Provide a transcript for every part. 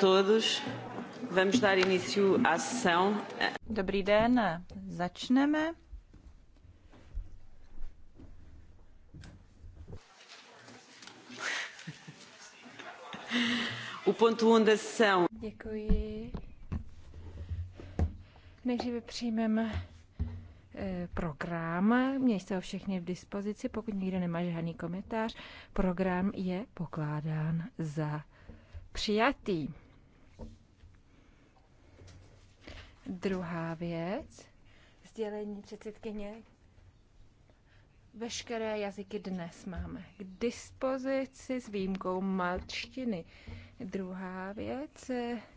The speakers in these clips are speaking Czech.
todos. Vamos dar início à sessão. Dobrý den, začneme. O ponto 1 um da sessão. Děkuji. Nejdříve přijmeme eh, program. Mějte jste ho všechny v dispozici, pokud nikdo nemá žádný komentář. Program je pokládán za přijatý. Druhá věc, sdělení předsedkyně. Veškeré jazyky dnes máme k dispozici s výjimkou malčtiny. Druhá věc,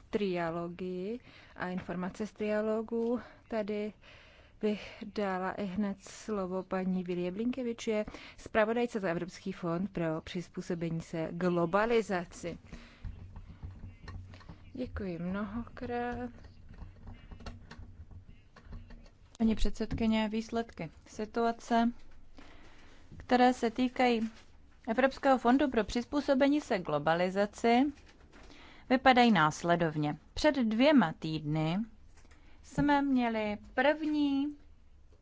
trialogy a informace z trialogů. Tady bych dala i hned slovo paní Vilie Blinkevič, je zpravodajce za Evropský fond pro přizpůsobení se globalizaci. Děkuji mnohokrát. Paní předsedkyně, výsledky situace, které se týkají Evropského fondu pro přizpůsobení se globalizaci, vypadají následovně. Před dvěma týdny jsme měli první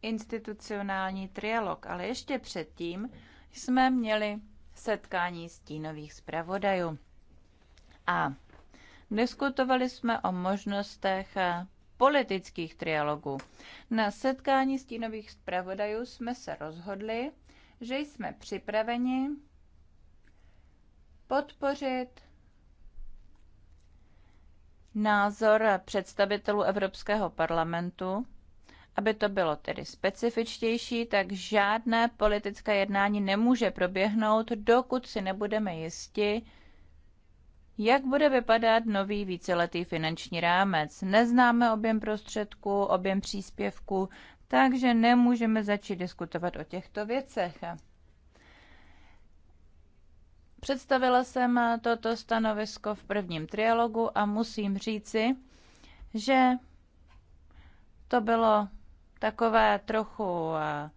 institucionální trialog, ale ještě předtím jsme měli setkání stínových zpravodajů. A diskutovali jsme o možnostech politických trialogů. Na setkání stínových zpravodajů jsme se rozhodli, že jsme připraveni podpořit názor představitelů Evropského parlamentu, aby to bylo tedy specifičtější, tak žádné politické jednání nemůže proběhnout, dokud si nebudeme jisti, jak bude vypadat nový víceletý finanční rámec. Neznáme objem prostředků, objem příspěvků, takže nemůžeme začít diskutovat o těchto věcech. Představila jsem toto stanovisko v prvním trialogu a musím říci, že to bylo takové trochu eh,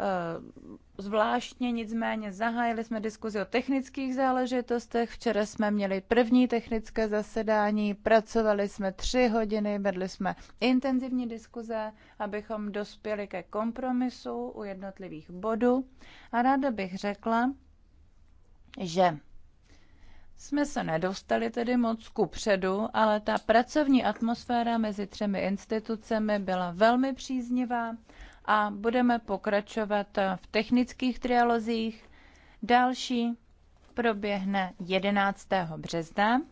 Eh, zvláštně, nicméně zahájili jsme diskuzi o technických záležitostech. Včera jsme měli první technické zasedání, pracovali jsme tři hodiny, vedli jsme intenzivní diskuze, abychom dospěli ke kompromisu u jednotlivých bodů. A ráda bych řekla, že jsme se nedostali tedy moc ku předu, ale ta pracovní atmosféra mezi třemi institucemi byla velmi příznivá a budeme pokračovat v technických trialozích. Další proběhne 11. března.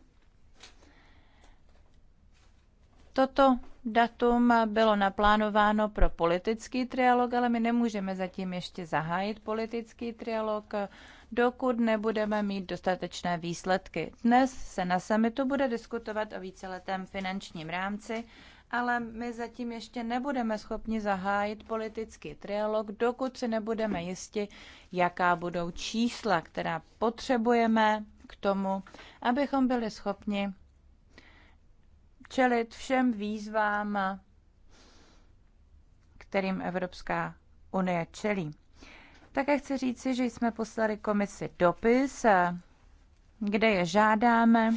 Toto datum bylo naplánováno pro politický trialog, ale my nemůžeme zatím ještě zahájit politický trialog, dokud nebudeme mít dostatečné výsledky. Dnes se na summitu bude diskutovat o víceletém finančním rámci ale my zatím ještě nebudeme schopni zahájit politický trialog, dokud si nebudeme jisti, jaká budou čísla, která potřebujeme k tomu, abychom byli schopni čelit všem výzvám, kterým Evropská unie čelí. Také chci říci, že jsme poslali komisi dopis, kde je žádáme,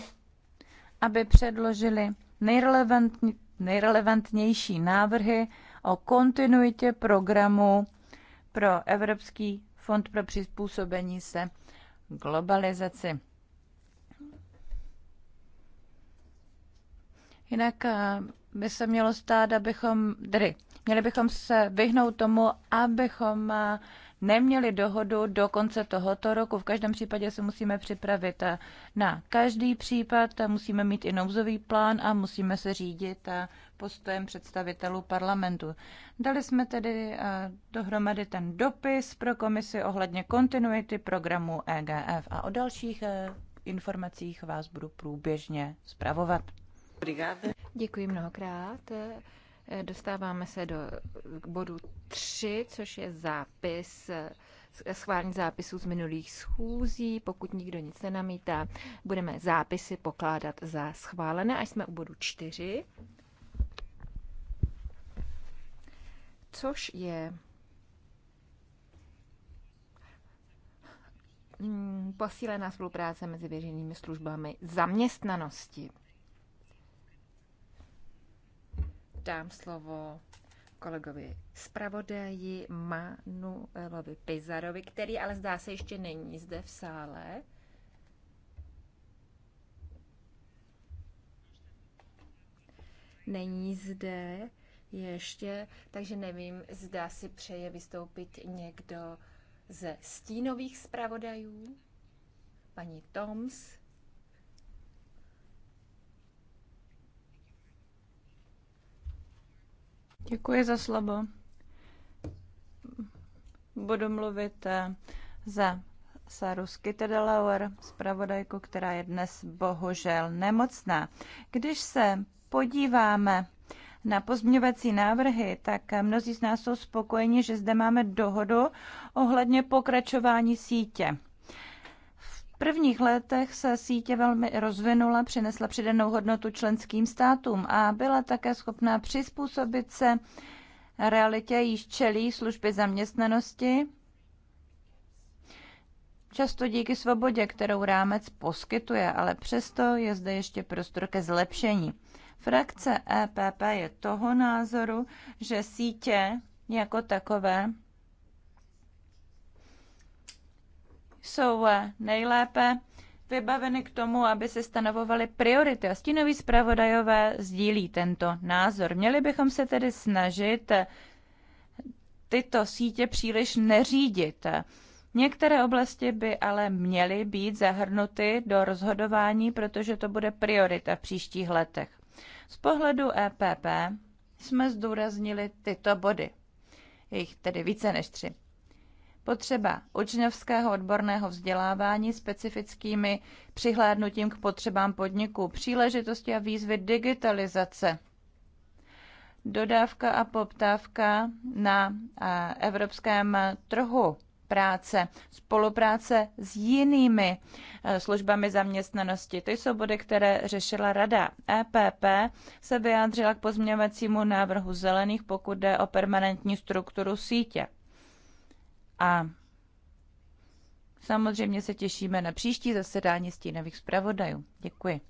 aby předložili nejrelevantnější nejrelevantnější návrhy o kontinuitě programu pro Evropský fond pro přizpůsobení se globalizaci. Jinak eh, by se mělo stát, abychom, tedy měli bychom se vyhnout tomu, abychom eh, neměli dohodu do konce tohoto roku. V každém případě se musíme připravit na každý případ, musíme mít i nouzový plán a musíme se řídit postojem představitelů parlamentu. Dali jsme tedy eh, dohromady ten dopis pro komisi ohledně kontinuity programu EGF a o dalších eh, informacích vás budu průběžně zpravovat. Děkuji mnohokrát. Dostáváme se do bodu 3, což je zápis, schválení zápisů z minulých schůzí. Pokud nikdo nic nenamítá, budeme zápisy pokládat za schválené, až jsme u bodu 4, což je mm, posílená spolupráce mezi veřejnými službami zaměstnanosti. dám slovo kolegovi zpravodaji Manuelovi Pizarovi, který ale zdá se ještě není zde v sále. Není zde ještě, takže nevím, zda si přeje vystoupit někdo ze stínových zpravodajů. Paní Toms. Děkuji za slovo. Budu mluvit eh, za Saru Skytedelauer, zpravodajku, která je dnes bohužel nemocná. Když se podíváme na pozměňovací návrhy, tak eh, mnozí z nás jsou spokojeni, že zde máme dohodu ohledně pokračování sítě prvních letech se sítě velmi rozvinula, přinesla přidanou hodnotu členským státům a byla také schopná přizpůsobit se realitě, již čelí služby zaměstnanosti, často díky svobodě, kterou rámec poskytuje, ale přesto je zde ještě prostor ke zlepšení. Frakce EPP je toho názoru, že sítě jako takové jsou eh, nejlépe vybaveny k tomu, aby se stanovovaly priority. A stínoví zpravodajové sdílí tento názor. Měli bychom se tedy snažit eh, tyto sítě příliš neřídit. Některé oblasti by ale měly být zahrnuty do rozhodování, protože to bude priorita v příštích letech. Z pohledu EPP jsme zdůraznili tyto body. Jejich tedy více než tři. Potřeba učňovského odborného vzdělávání specifickými přihlédnutím k potřebám podniků, příležitosti a výzvy digitalizace, dodávka a poptávka na evropském trhu práce, spolupráce s jinými e, službami zaměstnanosti. To jsou body, které řešila rada. EPP se vyjádřila k pozměňovacímu návrhu zelených, pokud jde o permanentní strukturu sítě a samozřejmě se těšíme na příští zasedání stínových zpravodajů. Děkuji.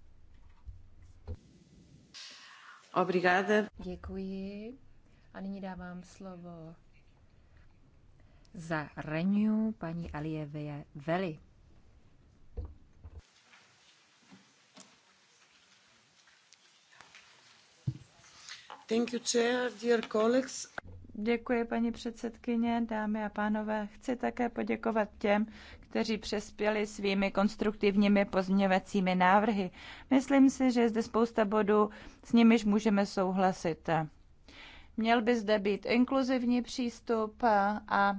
Obrigada. Děkuji. A nyní dávám slovo za Renew paní Alievie Veli. Thank you, chair, dear colleagues. Děkuji, paní předsedkyně, dámy a pánové. Chci také poděkovat těm, kteří přespěli svými konstruktivními pozměňovacími návrhy. Myslím si, že je zde spousta bodů, s nimiž můžeme souhlasit. Měl by zde být inkluzivní přístup a,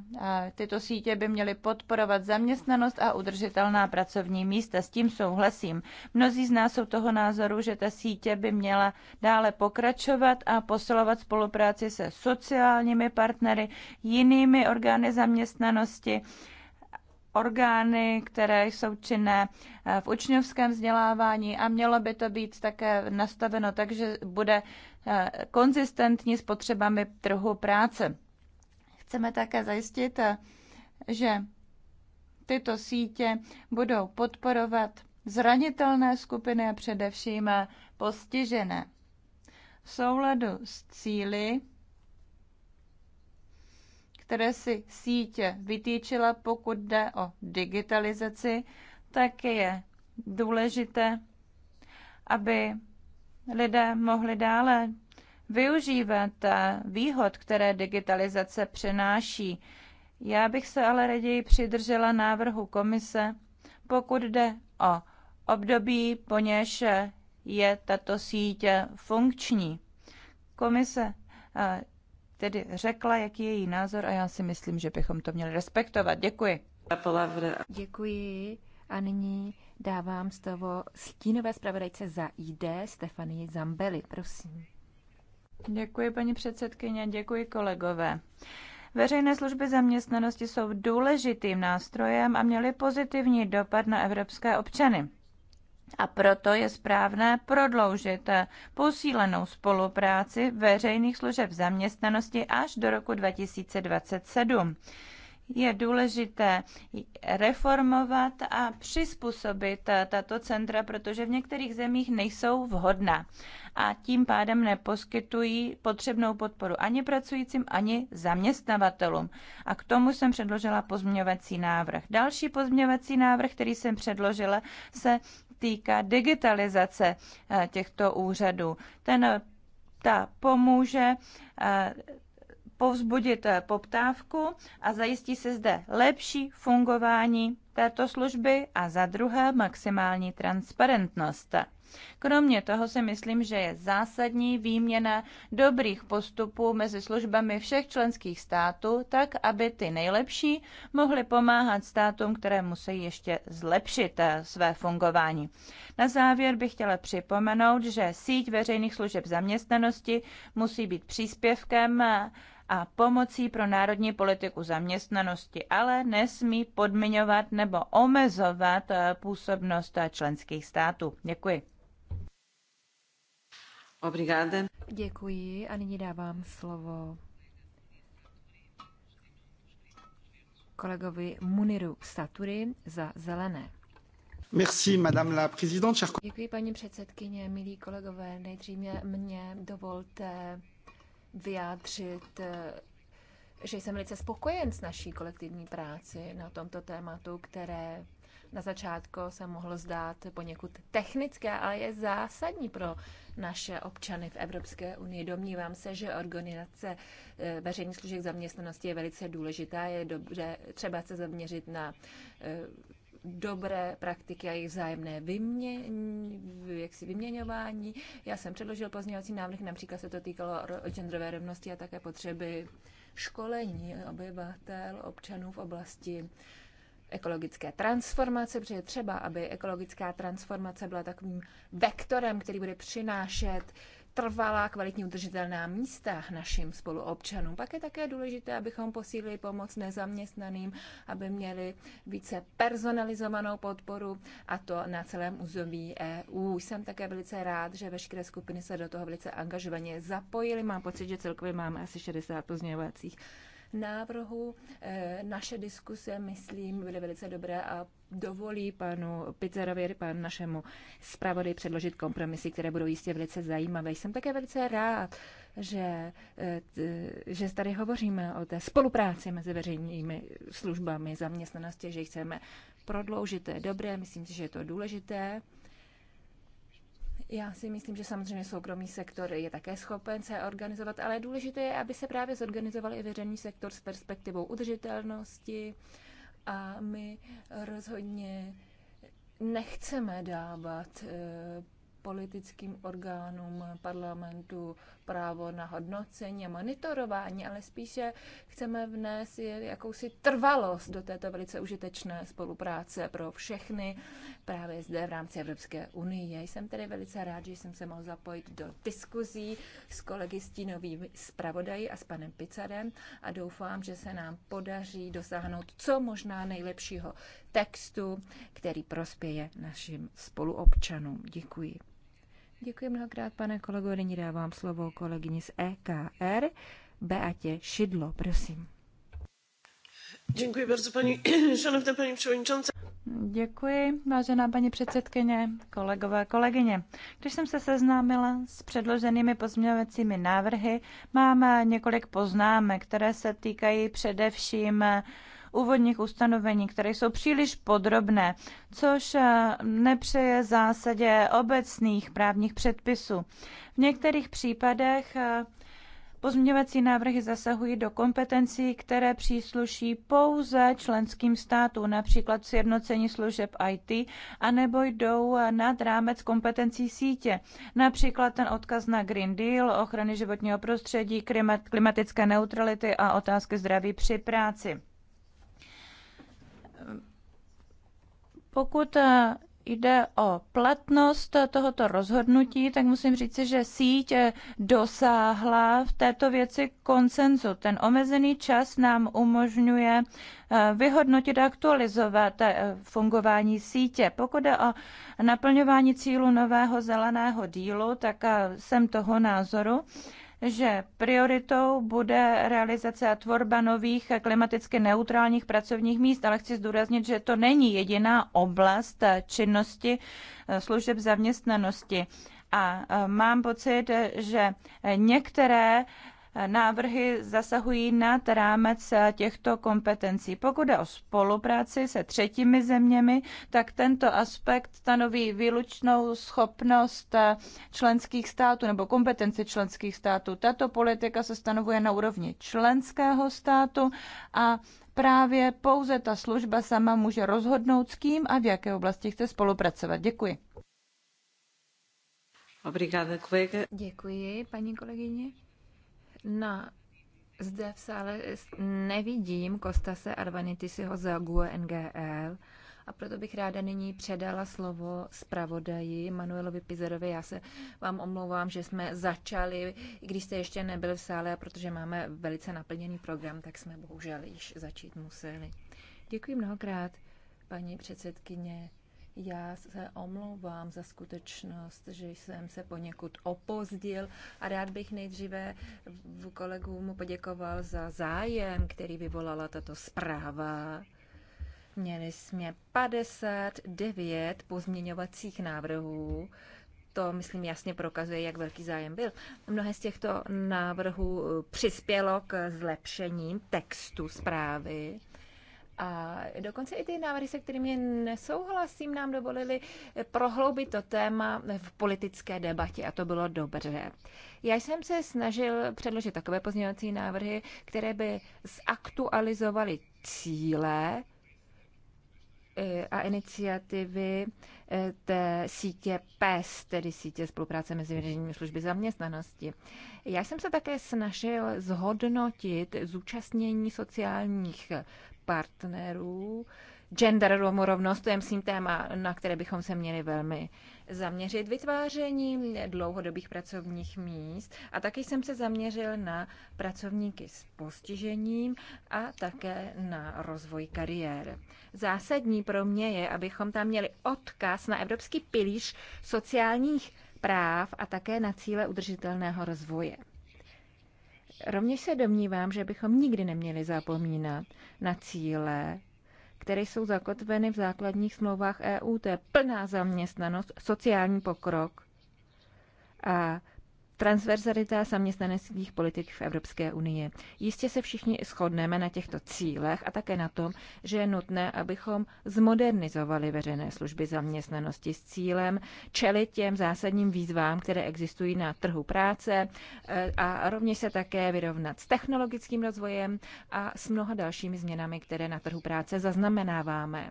tyto sítě by měly podporovat zaměstnanost a udržitelná pracovní místa. S tím souhlasím. Mnozí z nás jsou toho názoru, že ta sítě by měla dále pokračovat a posilovat spolupráci se sociálními partnery, jinými orgány zaměstnanosti orgány, které jsou činné eh, v učňovském vzdělávání a mělo by to být také nastaveno tak, že bude eh, konzistentní s potřebami trhu práce. Chceme také zajistit, eh, že tyto sítě budou podporovat zranitelné skupiny a především postižené. V souladu s cíly které si sítě vytýčila, pokud jde o digitalizaci, tak je důležité, aby lidé mohli dále využívat výhod, které digitalizace přináší. Já bych se ale raději přidržela návrhu komise, pokud jde o období, po něž je tato sítě funkční. Komise tedy řekla, jaký je její názor a já si myslím, že bychom to měli respektovat. Děkuji. Děkuji a nyní dávám toho stínové zpravodajce za ID Stefanii Zambeli, prosím. Děkuji, paní předsedkyně, děkuji kolegové. Veřejné služby zaměstnanosti jsou důležitým nástrojem a měly pozitivní dopad na evropské občany a proto je správné prodloužit posílenou spolupráci veřejných služeb zaměstnanosti až do roku 2027. Je důležité reformovat a přizpůsobit tato centra, protože v některých zemích nejsou vhodná a tím pádem neposkytují potřebnou podporu ani pracujícím, ani zaměstnavatelům. A k tomu jsem předložila pozměňovací návrh. Další pozměňovací návrh, který jsem předložila, se týká digitalizace eh, těchto úřadů. Ten, ta pomůže eh, povzbudit eh, poptávku a zajistí se zde lepší fungování této služby a za druhé maximální transparentnost. Kromě toho si myslím, že je zásadní výměna dobrých postupů mezi službami všech členských států, tak aby ty nejlepší mohly pomáhat státům, které musí ještě zlepšit eh, své fungování. Na závěr bych chtěla připomenout, že síť veřejných služeb zaměstnanosti musí být příspěvkem eh, a pomocí pro národní politiku zaměstnanosti, ale nesmí podmiňovat nebo omezovat eh, působnost členských států. Děkuji. Obrigada. Děkuji a nyní dávám slovo kolegovi Muniru Satury za zelené. Merci, madame la présidente. Děkuji, paní předsedkyně, milí kolegové. Nejdříve mě dovolte vyjádřit eh, že jsem velice spokojen s naší kolektivní práci na tomto tématu, které na začátku se mohlo zdát poněkud technické, ale je zásadní pro naše občany v Evropské unii. Domnívám se, že organizace eh, veřejných služeb zaměstnanosti je velice důležitá. Je dobře třeba se zaměřit na eh, dobré praktiky a jejich vzájemné vyměň, jaksi vyměňování. Já jsem předložil pozměňovací návrh, například se to týkalo genderové rovnosti a také potřeby školení obyvatel, občanů v oblasti ekologické transformace, protože je třeba, aby ekologická transformace byla takovým vektorem, který bude přinášet trvalá, kvalitní, udržitelná místa našim spoluobčanům. Pak je také důležité, abychom posílili pomoc nezaměstnaným, aby měli více personalizovanou podporu a to na celém území EU. Jsem také velice rád, že veškeré skupiny se do toho velice angažovaně zapojily. Mám pocit, že celkově máme asi 60 pozměňovacích návrhu. Eh, naše diskuse, myslím, byly velice dobré a dovolí panu Pizzerovi, pan našemu zpravodaji předložit kompromisy, které budou jistě velice zajímavé. Jsem také velice rád, že, eh, že tady hovoříme o té spolupráci mezi veřejnými službami zaměstnanosti, že chceme prodloužit. To je dobré, myslím si, že je to důležité. Já si myslím, že samozřejmě soukromý sektor je také schopen se organizovat, ale důležité je, aby se právě zorganizoval i veřejný sektor s perspektivou udržitelnosti a my rozhodně nechceme dávat eh, politickým orgánům parlamentu právo na hodnocení a monitorování, ale spíše chceme vnést jakousi trvalost do této velice užitečné spolupráce pro všechny právě zde v rámci Evropské unie. Jsem tedy velice rád, že jsem se mohl zapojit do diskuzí s kolegy Stínovým zpravodají a s panem Picarem a doufám, že se nám podaří dosáhnout co možná nejlepšího textu, který prospěje našim spoluobčanům. Děkuji. Děkuji mnohokrát, pane kolego. Nyní dávám slovo kolegyni z EKR, Beatě Šidlo, prosím. Děkuji bardzo, paní, šanovná paní předsedající. Děkuji, vážená paní předsedkyně, kolegové, kolegyně. Když jsem se seznámila s předloženými pozměňovacími návrhy, mám několik poznámek, které se týkají především úvodních ustanovení, které jsou příliš podrobné, což eh, nepřeje zásadě obecných právních předpisů. V některých případech eh, Pozměňovací návrhy zasahují do kompetencí, které přísluší pouze členským státům, například sjednocení služeb IT, anebo jdou eh, nad rámec kompetencí sítě, například ten odkaz na Green Deal, ochrany životního prostředí, klimatické neutrality a otázky zdraví při práci. Pokud eh, jde o platnost tohoto rozhodnutí, tak musím říci, že síť eh, dosáhla v této věci konsenzu. Ten omezený čas nám umožňuje eh, vyhodnotit a aktualizovat fungování sítě. Pokud jde o naplňování cílu nového zeleného dílu, tak jsem toho názoru, že prioritou bude realizace a tvorba nových klimaticky neutrálních pracovních míst, ale chci zdůraznit, že to není jediná oblast činnosti eh, služeb zaměstnanosti. A eh, mám pocit, že některé návrhy zasahují nad rámec těchto kompetencí. Pokud je o spolupráci se třetími zeměmi, tak tento aspekt stanoví výlučnou schopnost členských států nebo kompetenci členských států. Tato politika se stanovuje na úrovni členského státu a právě pouze ta služba sama může rozhodnout, s kým a v jaké oblasti chce spolupracovat. Děkuji. Obrigada, kolega. Děkuji, paní kolegyně. Na zde v sále nevidím Kostase Arvanitisiho z GUE NGL a proto bych ráda nyní předala slovo zpravodaji Manuelovi Pizerovi. Já se vám omlouvám, že jsme začali, i když jste ještě nebyl v sále, a protože máme velice naplněný program, tak jsme bohužel již začít museli. Děkuji mnohokrát, paní předsedkyně. Já se omlouvám za skutečnost, že jsem se poněkud opozdil a rád bych nejdříve kolegům poděkoval za zájem, který vyvolala tato zpráva. Měli jsme 59 pozměňovacích návrhů, to, myslím, jasně prokazuje, jak velký zájem byl. Mnohé z těchto návrhů přispělo k zlepšení textu zprávy. A dokonce i ty návrhy, se kterými nesouhlasím, nám dovolili prohloubit to téma v politické debatě a to bylo dobře. Já jsem se snažil předložit takové pozměňovací návrhy, které by zaktualizovaly cíle eh, a iniciativy eh, té sítě PES, tedy sítě spolupráce mezi veřejnými služby zaměstnanosti. Já jsem se také snažil zhodnotit zúčastnění sociálních partnerů. Gender rovnost, to je myslím téma, na které bychom se měli velmi zaměřit. Vytváření dlouhodobých pracovních míst a taky jsem se zaměřil na pracovníky s postižením a také na rozvoj kariér. Zásadní pro mě je, abychom tam měli odkaz na evropský pilíř sociálních práv a také na cíle udržitelného rozvoje. Rovněž se domnívám, že bychom nikdy neměli zapomínat na cíle, které jsou zakotveny v základních smlouvách EU. To je plná zaměstnanost, sociální pokrok a transverzalita zaměstnaneckých politik v Evropské unii. Jistě se všichni shodneme na těchto cílech a také na tom, že je nutné, abychom zmodernizovali veřejné služby zaměstnanosti s cílem čelit těm zásadním výzvám, které existují na trhu práce eh, a rovněž se také vyrovnat s technologickým rozvojem a s mnoha dalšími změnami, které na trhu práce zaznamenáváme.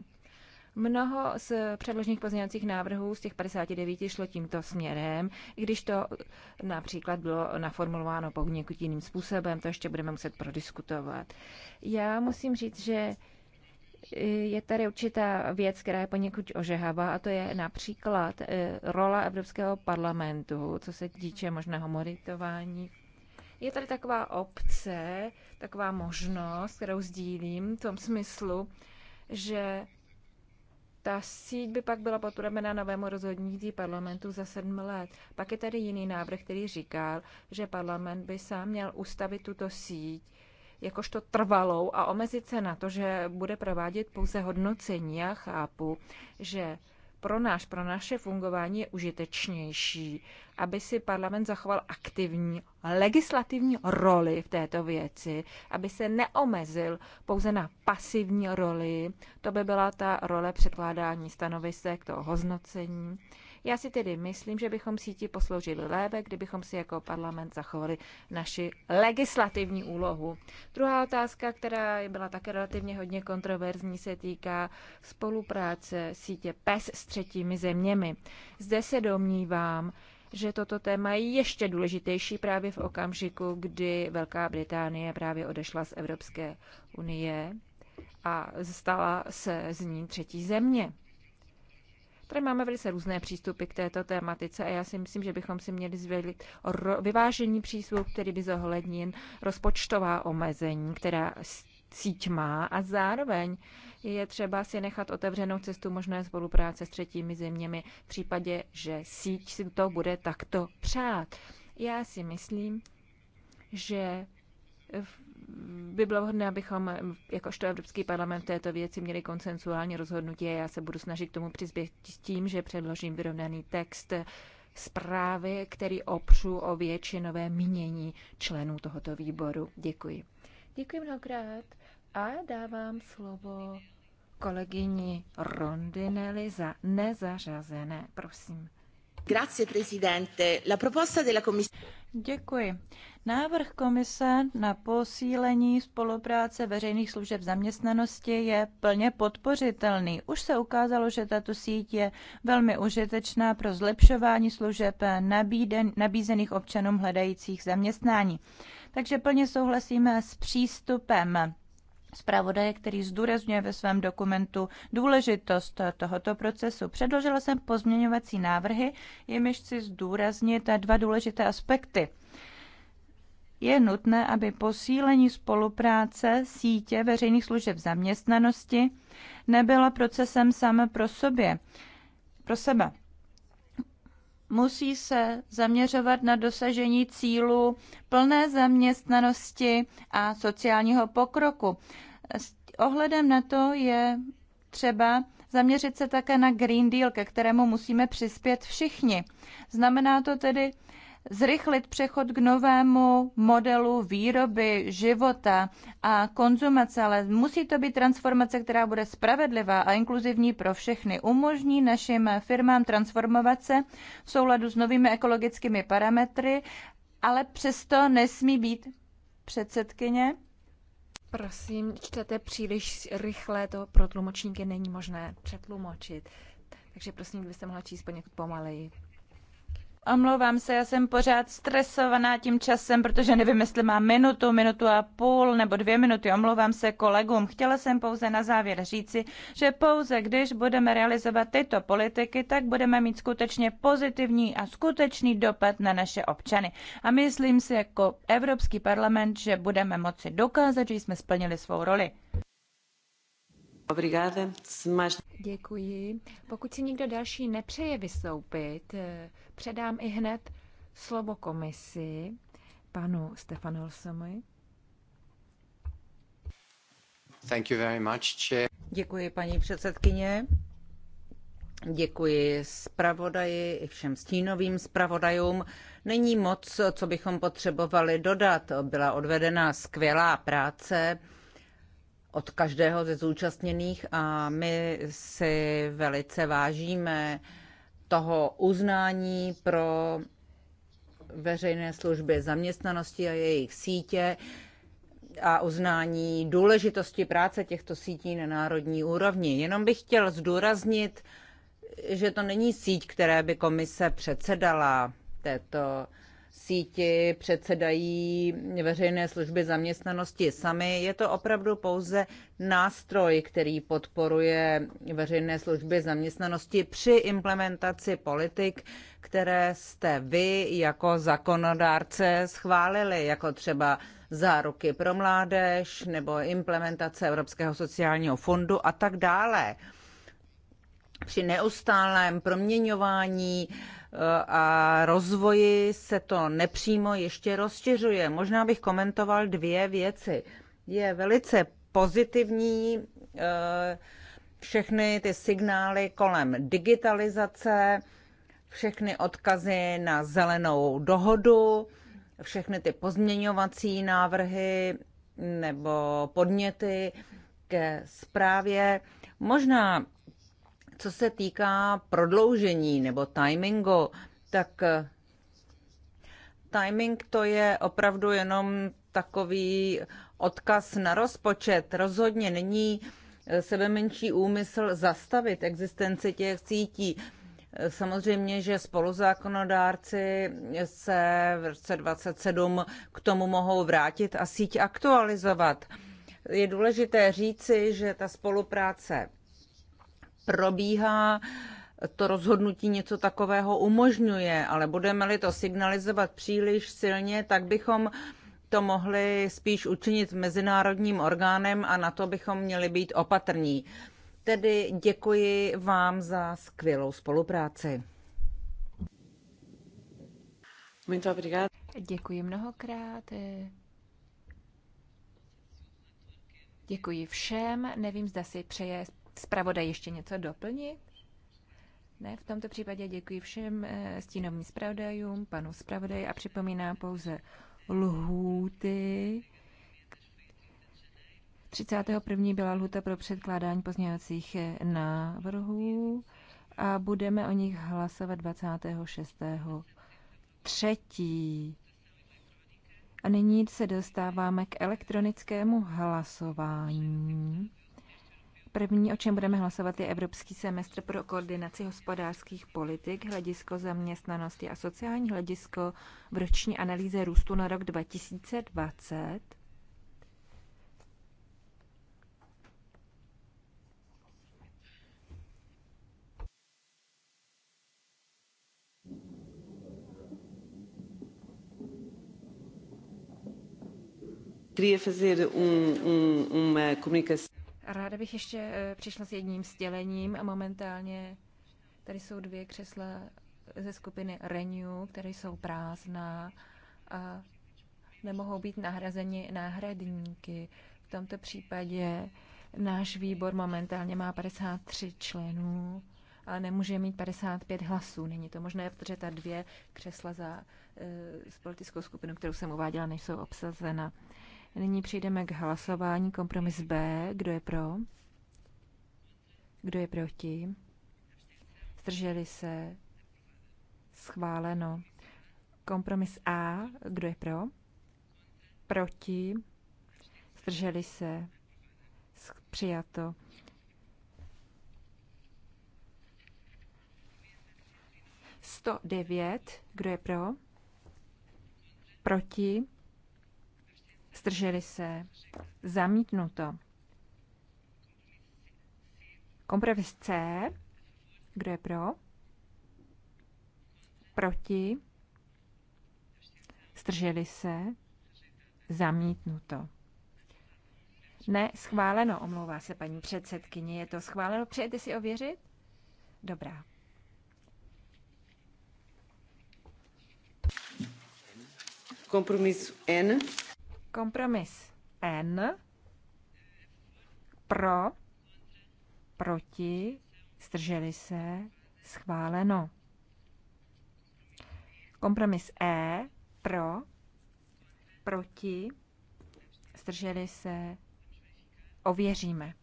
Mnoho z předložených pozměňovacích návrhů z těch 59 šlo tímto směrem, i když to například bylo naformulováno poněkud jiným způsobem, to ještě budeme muset prodiskutovat. Já musím říct, že je tady určitá věc, která je poněkud ožehavá, a to je například eh, rola Evropského parlamentu, co se týče možného monitování. Je tady taková obce, taková možnost, kterou sdílím v tom smyslu, že ta síť by pak byla podporována novému rozhodnutí parlamentu za sedm let. Pak je tady jiný návrh, který říkal, že parlament by sám měl ustavit tuto síť jakožto trvalou a omezit se na to, že bude provádět pouze hodnocení. Já chápu, že pro náš, pro naše fungování je užitečnější, aby si parlament zachoval aktivní legislativní roli v této věci, aby se neomezil pouze na pasivní roli. To by byla ta role předkládání stanovisek, toho hodnocení. Já si tedy myslím, že bychom síti posloužili lépe, kdybychom si jako parlament zachovali naši legislativní úlohu. Druhá otázka, která byla také relativně hodně kontroverzní, se týká spolupráce sítě PES s třetími zeměmi. Zde se domnívám, že toto téma je ještě důležitější právě v okamžiku, kdy Velká Británie právě odešla z Evropské unie a stala se z ní třetí země. Tady máme velice různé přístupy k této tématice a já si myslím, že bychom si měli zvědět o vyvážení přístup, který by zohlednil rozpočtová omezení, která síť má a zároveň je třeba si nechat otevřenou cestu možné spolupráce s třetími zeměmi v případě, že síť si to bude takto přát. Já si myslím, že v by bylo vhodné, abychom eh, jakožto Evropský parlament v této věci měli konsensuální rozhodnutí a já se budu snažit k tomu s tím, že předložím vyrovnaný text zprávy, který opřu o většinové mínění členů tohoto výboru. Děkuji. Děkuji mnohokrát a dávám slovo kolegyni Rondinelli za nezařazené. Prosím. Děkuji. Návrh komise na posílení spolupráce veřejných služeb zaměstnanosti je plně podpořitelný. Už se ukázalo, že tato síť je velmi užitečná pro zlepšování služeb nabízených občanům hledajících zaměstnání. Takže plně souhlasíme s přístupem zpravodaje, který zdůrazňuje ve svém dokumentu důležitost tohoto procesu. Předložila jsem pozměňovací návrhy, jimiž chci zdůraznit dva důležité aspekty. Je nutné, aby posílení spolupráce sítě veřejných služeb zaměstnanosti nebylo procesem sám pro sobě, pro sebe musí se zaměřovat na dosažení cílu plné zaměstnanosti a sociálního pokroku. S ohledem na to je třeba zaměřit se také na Green Deal, ke kterému musíme přispět všichni. Znamená to tedy zrychlit přechod k novému modelu výroby, života a konzumace, ale musí to být transformace, která bude spravedlivá a inkluzivní pro všechny. Umožní našim firmám transformovat se v souladu s novými ekologickými parametry, ale přesto nesmí být předsedkyně. Prosím, čtete příliš rychle, to pro tlumočníky není možné přetlumočit. Takže prosím, kdybyste mohla číst poněkud pomaleji. Omlouvám se, já jsem pořád stresovaná tím časem, protože nevím, jestli mám minutu, minutu a půl nebo dvě minuty. Omlouvám se kolegům. Chtěla jsem pouze na závěr říci, že pouze když budeme realizovat tyto politiky, tak budeme mít skutečně pozitivní a skutečný dopad na naše občany. A myslím si jako Evropský parlament, že budeme moci dokázat, že jsme splnili svou roli. Obrigada. Děkuji. Pokud si někdo další nepřeje vystoupit, eh, předám i hned slovo komisi panu Stefanolsovi. Thank you very much, chair. Děkuji, paní předsedkyně. Děkuji zpravodaji i všem stínovým zpravodajům. Není moc, co bychom potřebovali dodat. Byla odvedena skvělá práce od každého ze zúčastněných a my si velice vážíme toho uznání pro veřejné služby zaměstnanosti a jejich sítě a uznání důležitosti práce těchto sítí na národní úrovni. Jenom bych chtěl zdůraznit, že to není síť, které by komise předsedala této síti předsedají veřejné služby zaměstnanosti sami. Je to opravdu pouze nástroj, který podporuje veřejné služby zaměstnanosti při implementaci politik, které jste vy jako zakonodárce schválili, jako třeba záruky pro mládež nebo implementace Evropského sociálního fondu a tak dále. Při neustálém proměňování a rozvoji se to nepřímo ještě rozšiřuje. Možná bych komentoval dvě věci. Je velice pozitivní eh, všechny ty signály kolem digitalizace, všechny odkazy na zelenou dohodu, všechny ty pozměňovací návrhy nebo podněty ke zprávě. Možná co se týká prodloužení nebo timingu, tak eh, timing to je opravdu jenom takový odkaz na rozpočet. Rozhodně není eh, sebe menší úmysl zastavit existenci těch sítí. Eh, samozřejmě, že spoluzákonodárci se v roce 27 k tomu mohou vrátit a síť aktualizovat. Je důležité říci, že ta spolupráce probíhá, to rozhodnutí něco takového umožňuje, ale budeme-li to signalizovat příliš silně, tak bychom to mohli spíš učinit mezinárodním orgánem a na to bychom měli být opatrní. Tedy děkuji vám za skvělou spolupráci. Děkuji mnohokrát. Děkuji všem. Nevím, zda si přeje zpravodaj ještě něco doplnit? Ne, v tomto případě děkuji všem eh, stínovým zpravodajům, panu zpravodaji a připomíná pouze lhůty. 31. byla lhuta pro předkládání pozměňovacích eh, návrhů a budeme o nich hlasovat 26. třetí. A nyní se dostáváme k elektronickému hlasování. První, o čem budeme hlasovat, je Evropský semestr pro koordinaci hospodářských politik, hledisko zaměstnanosti a sociální hledisko v roční analýze růstu na rok 2020. Queria fazer um, um, uma comunicação. Ráda bych ještě eh, přišla s jedním sdělením a momentálně tady jsou dvě křesla ze skupiny Renew, které jsou prázdná a nemohou být nahrazeni náhradníky. V tomto případě náš výbor momentálně má 53 členů, ale nemůže mít 55 hlasů. Není to možné, protože ta dvě křesla za e, politickou skupinu, kterou jsem uváděla, nejsou obsazena. Uh, Nyní přejdeme k hlasování. Kompromis B. Kdo je pro? Kdo je proti? Zdrželi se? Schváleno. Kompromis A. Kdo je pro? Proti? Zdrželi se? Přijato. Sto devět. Kdo je pro? Proti? Zdrželi se. Zamítnuto. Kompromis C. Kdo je pro? Proti? Zdrželi se? Zamítnuto. Ne, schváleno, omlouvá se paní předsedkyně. Je to schváleno? Přejete si ověřit? Dobrá. Kompromis N. Kompromis N pro, proti, zdrželi se, schváleno. Kompromis E pro, proti, zdrželi se, ověříme.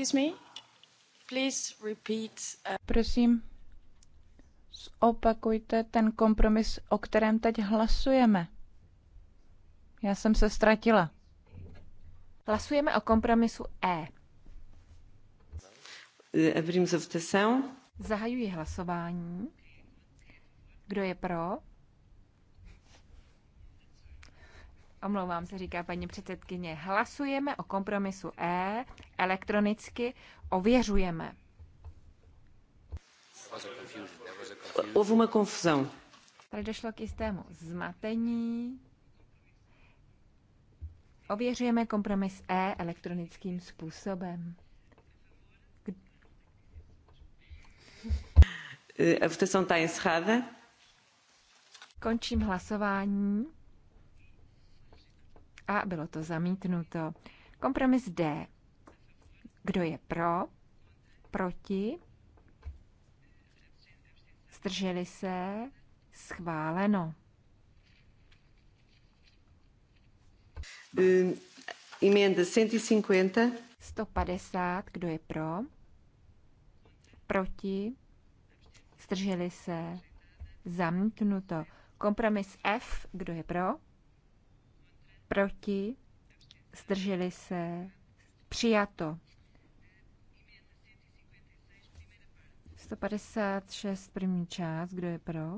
Uh, Prosím, zopakujte ten kompromis, o kterém teď hlasujeme. Já jsem se ztratila. Hlasujeme o kompromisu E. Zahajuji hlasování. Kdo je pro? omlouvám se, říká paní předsedkyně, hlasujeme o kompromisu E, elektronicky ověřujeme. Tady došlo k jistému zmatení. Ověřujeme kompromis E elektronickým způsobem. A votação está encerrada. Končím hlasování a bylo to zamítnuto. Kompromis D. Kdo je pro? Proti? Zdrželi se? Schváleno. Emenda 150. 150. E Kdo je pro? Proti? Zdrželi se? Zamítnuto. Kompromis F. Kdo je pro? proti, zdrželi se, přijato. 156 první část, kdo je pro?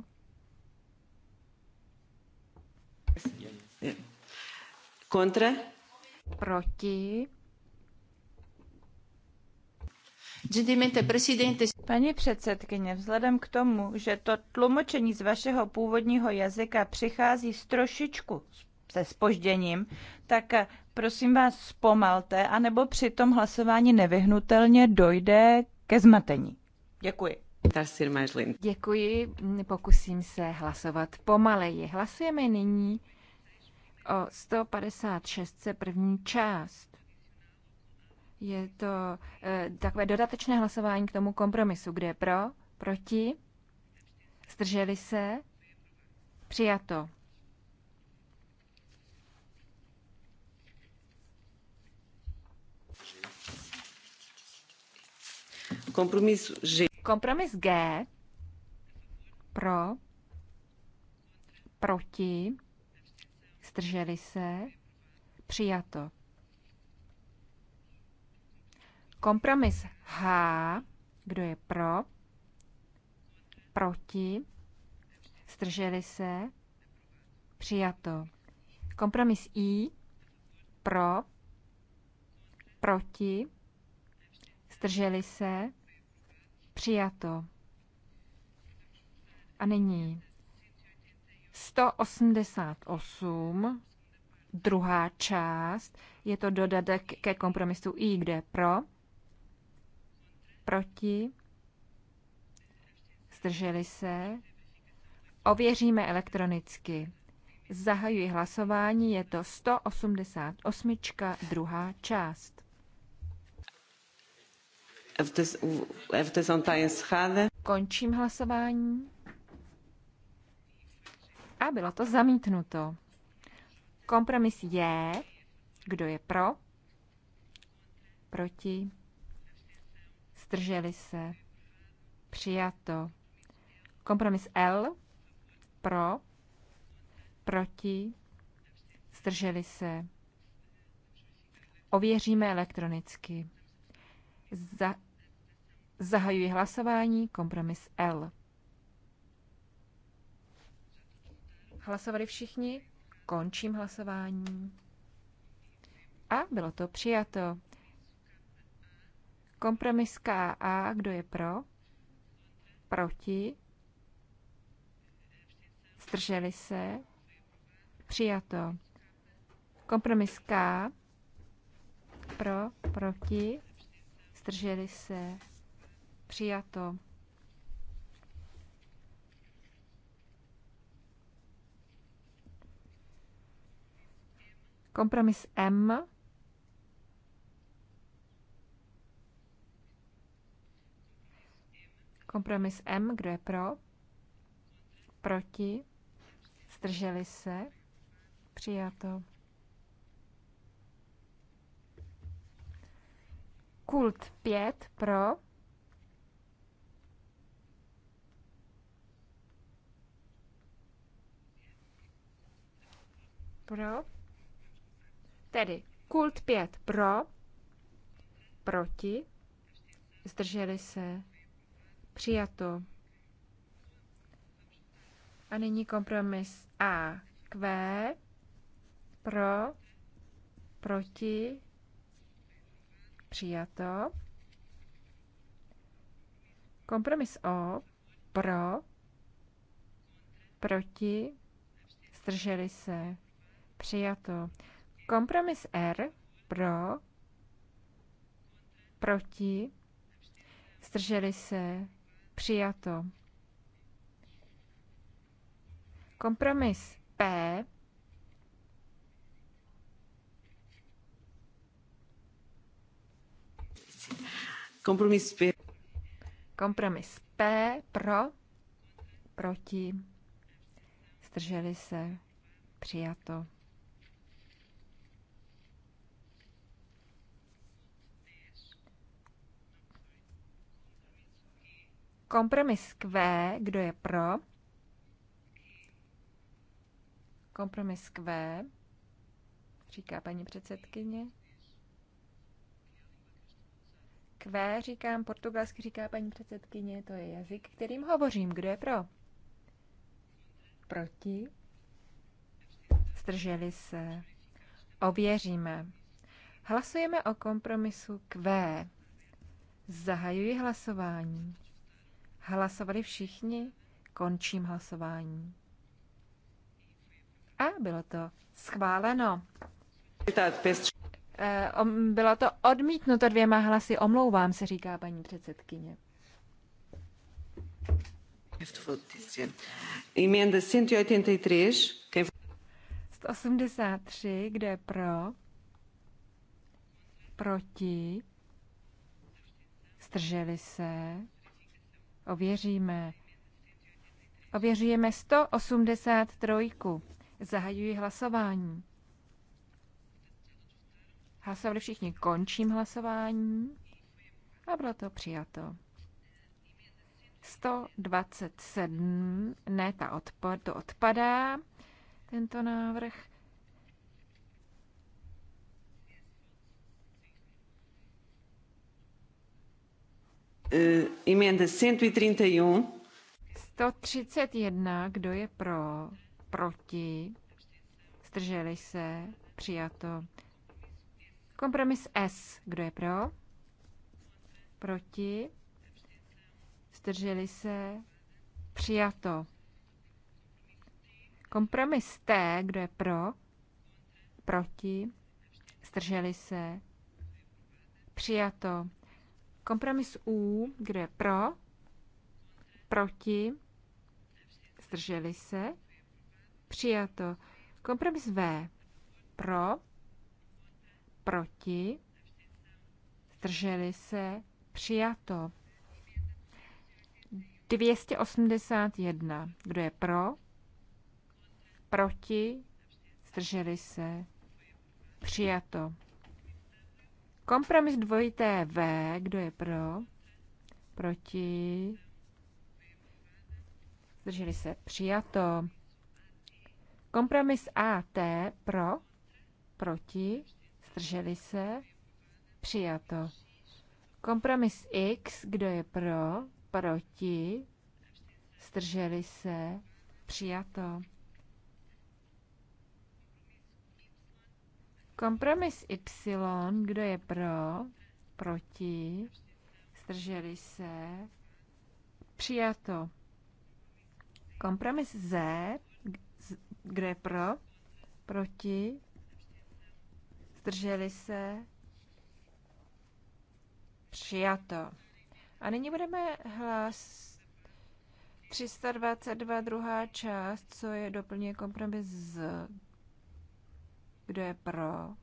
Kontra? Proti. Paní předsedkyně, vzhledem k tomu, že to tlumočení z vašeho původního jazyka přichází z trošičku z se spožděním, tak eh, prosím vás zpomalte, anebo při tom hlasování nevyhnutelně dojde ke zmatení. Děkuji. Děkuji, pokusím se hlasovat pomaleji. Hlasujeme nyní o 156. první část. Je to e, takové dodatečné hlasování k tomu kompromisu, kde je pro, proti, zdrželi se, přijato. Kompromis G. Kompromis G pro, proti, zdrželi se, přijato. Kompromis H, kdo je pro, proti, zdrželi se, přijato. Kompromis I, pro, proti, Zdrželi se? Přijato. A nyní 188, druhá část, je to dodatek ke kompromisu I, kde pro, proti, zdrželi se, ověříme elektronicky. Zahajuji hlasování, je to 188, druhá část. Končím hlasování. A bylo to zamítnuto. Kompromis je. Kdo je pro? Proti? Zdrželi se? Přijato. Kompromis L. Pro? Proti? Zdrželi se? Ověříme elektronicky. Za, Zahajuji hlasování, kompromis L. Hlasovali všichni? Končím hlasování. A bylo to přijato. Kompromis KA, kdo je pro? Proti? Zdrželi se? Přijato. Kompromis K. Pro, proti, zdrželi se, Přijato. Kompromis M. Kompromis M, kdo je pro? Proti? Zdrželi se? Přijato. Kult 5 pro, pro, tedy kult 5 pro, proti, zdrželi se, přijato. A nyní kompromis A, Q, pro, proti, přijato. Kompromis O, pro, proti, zdrželi se, Přijato. Kompromis R pro, proti, zdrželi se, přijato. Kompromis P Kompromis P. Kompromis P pro, proti, zdrželi se, přijato. Kompromis Q, kdo je pro? Kompromis Q, říká paní předsedkyně. Q, říkám portugalsky, říká paní předsedkyně, to je jazyk, kterým hovořím. Kdo je pro? Proti? Zdrželi se? Ověříme. Hlasujeme o kompromisu Q. Zahajuji hlasování. Hlasovali všichni? Končím hlasování. A bylo to schváleno. E, bylo to odmítnuto dvěma hlasy. Omlouvám se, říká paní předsedkyně. Emenda 183. 183, kde je pro? Proti? Strželi se? Ověříme. Ověřujeme 183. Zahajuji hlasování. Hlasovali všichni. Končím hlasování. A bylo to přijato. 127. Ne, ta odpad, to odpadá. Tento návrh. Uh, emenda 131. 131, kdo je pro, proti, zdrželi se, přijato. Kompromis S, kdo je pro, proti, zdrželi se, přijato. Kompromis T, kdo je pro, proti, zdrželi se, přijato. Kompromis U, kde je pro, proti, zdrželi se, přijato. Kompromis V, pro, proti, zdrželi se, přijato. 281, kdo je pro, proti, zdrželi se, přijato. Kompromis dvojité V, kdo je pro? Proti? Zdrželi se. Přijato. Kompromis AT pro? Proti? Zdrželi se. Přijato. Kompromis X, kdo je pro? Proti? Zdrželi se. Přijato. Kompromis Y, kdo je pro, proti, zdrželi se, přijato. Kompromis Z, kdo je pro, proti, zdrželi se, přijato. A nyní budeme hlas 322, druhá část, co je doplně kompromis z kdo je pro?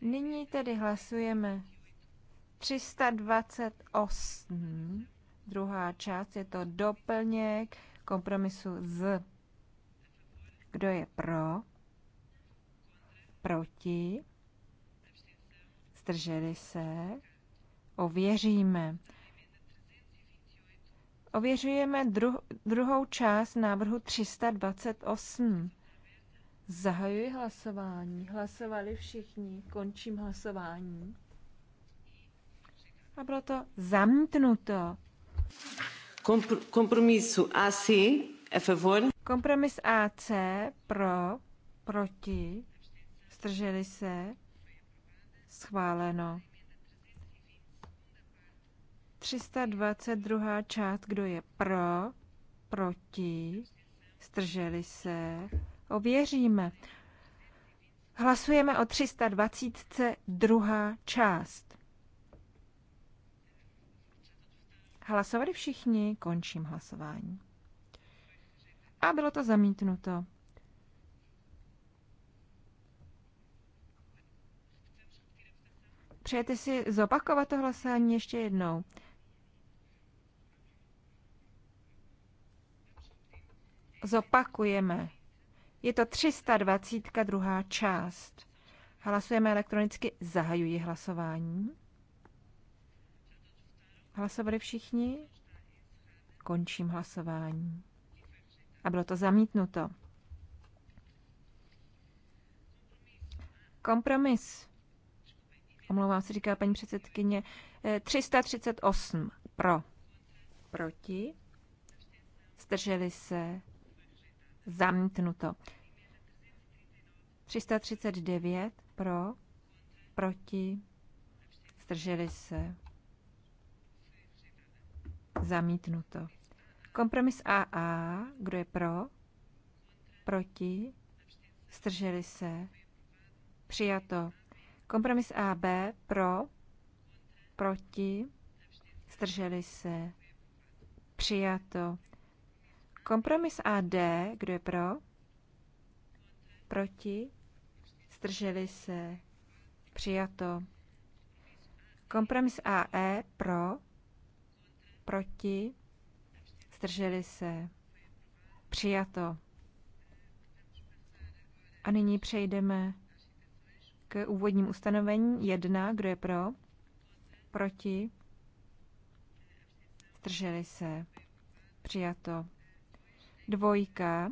Nyní tedy hlasujeme 328. Druhá část je to doplněk kompromisu z. Kdo je pro? Proti? Zdrželi se? Ověříme. Ověřujeme dru- druhou část návrhu 328. Zahajuji hlasování. Hlasovali všichni. Končím hlasování. A bylo to zamítnuto. Kompr- kompromisu AC favor. Kompromis AC pro, proti, strželi se, schváleno. 322. část, kdo je pro, proti, strželi se, ověříme. Hlasujeme o 322. část. Hlasovali všichni, končím hlasování. A bylo to zamítnuto. Přejete si zopakovat to hlasování ještě jednou. zopakujeme. Je to 320. druhá část. Hlasujeme elektronicky, zahajuji hlasování. Hlasovali všichni? Končím hlasování. A bylo to zamítnuto. Kompromis. Omlouvám se, říká paní předsedkyně. 338 eh, pro. Proti. Zdrželi se. Zamítnuto. 339 pro, proti, zdrželi se. Zamítnuto. Kompromis AA, kdo je pro, proti, zdrželi se. Přijato. Kompromis AB pro, proti, zdrželi se. Přijato. Kompromis AD, kdo je pro? Proti? Zdrželi se? Přijato. Kompromis AE pro? Proti? Zdrželi se? Přijato. A nyní přejdeme k úvodním ustanovení Jedna, Kdo je pro? Proti? Zdrželi se? Přijato dvojka,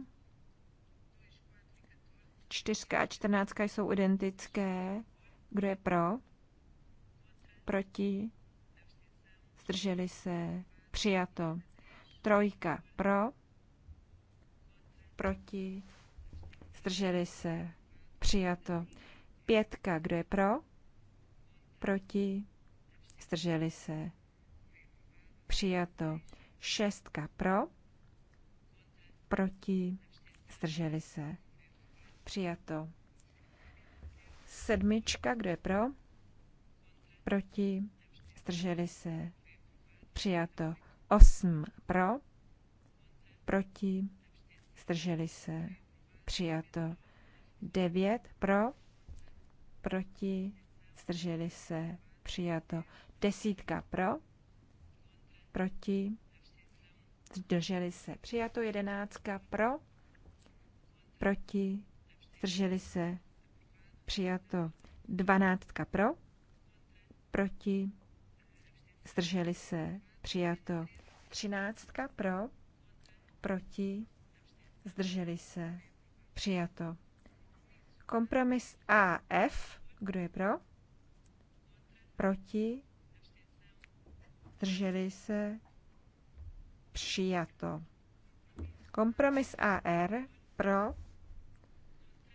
čtyřka a čtrnáctka jsou identické. Kdo je pro? Proti? Zdrželi se? Přijato. Trojka pro? Proti? Zdrželi se? Přijato. Pětka, kdo je pro? Proti? Zdrželi se? Přijato. Šestka pro? proti, zdrželi se. Přijato. Sedmička, kdo je pro? Proti, zdrželi se. Přijato. Osm pro, proti, zdrželi se. Přijato. Devět pro, proti, zdrželi se. Přijato. Desítka pro, proti, zdrželi se. Přijato jedenáctka pro, proti, zdrželi se. Přijato dvanáctka pro, proti, zdrželi se. Přijato třináctka pro, proti, zdrželi se. Přijato. Kompromis AF, kdo je pro? Proti, zdrželi se, Přijato. Kompromis AR pro,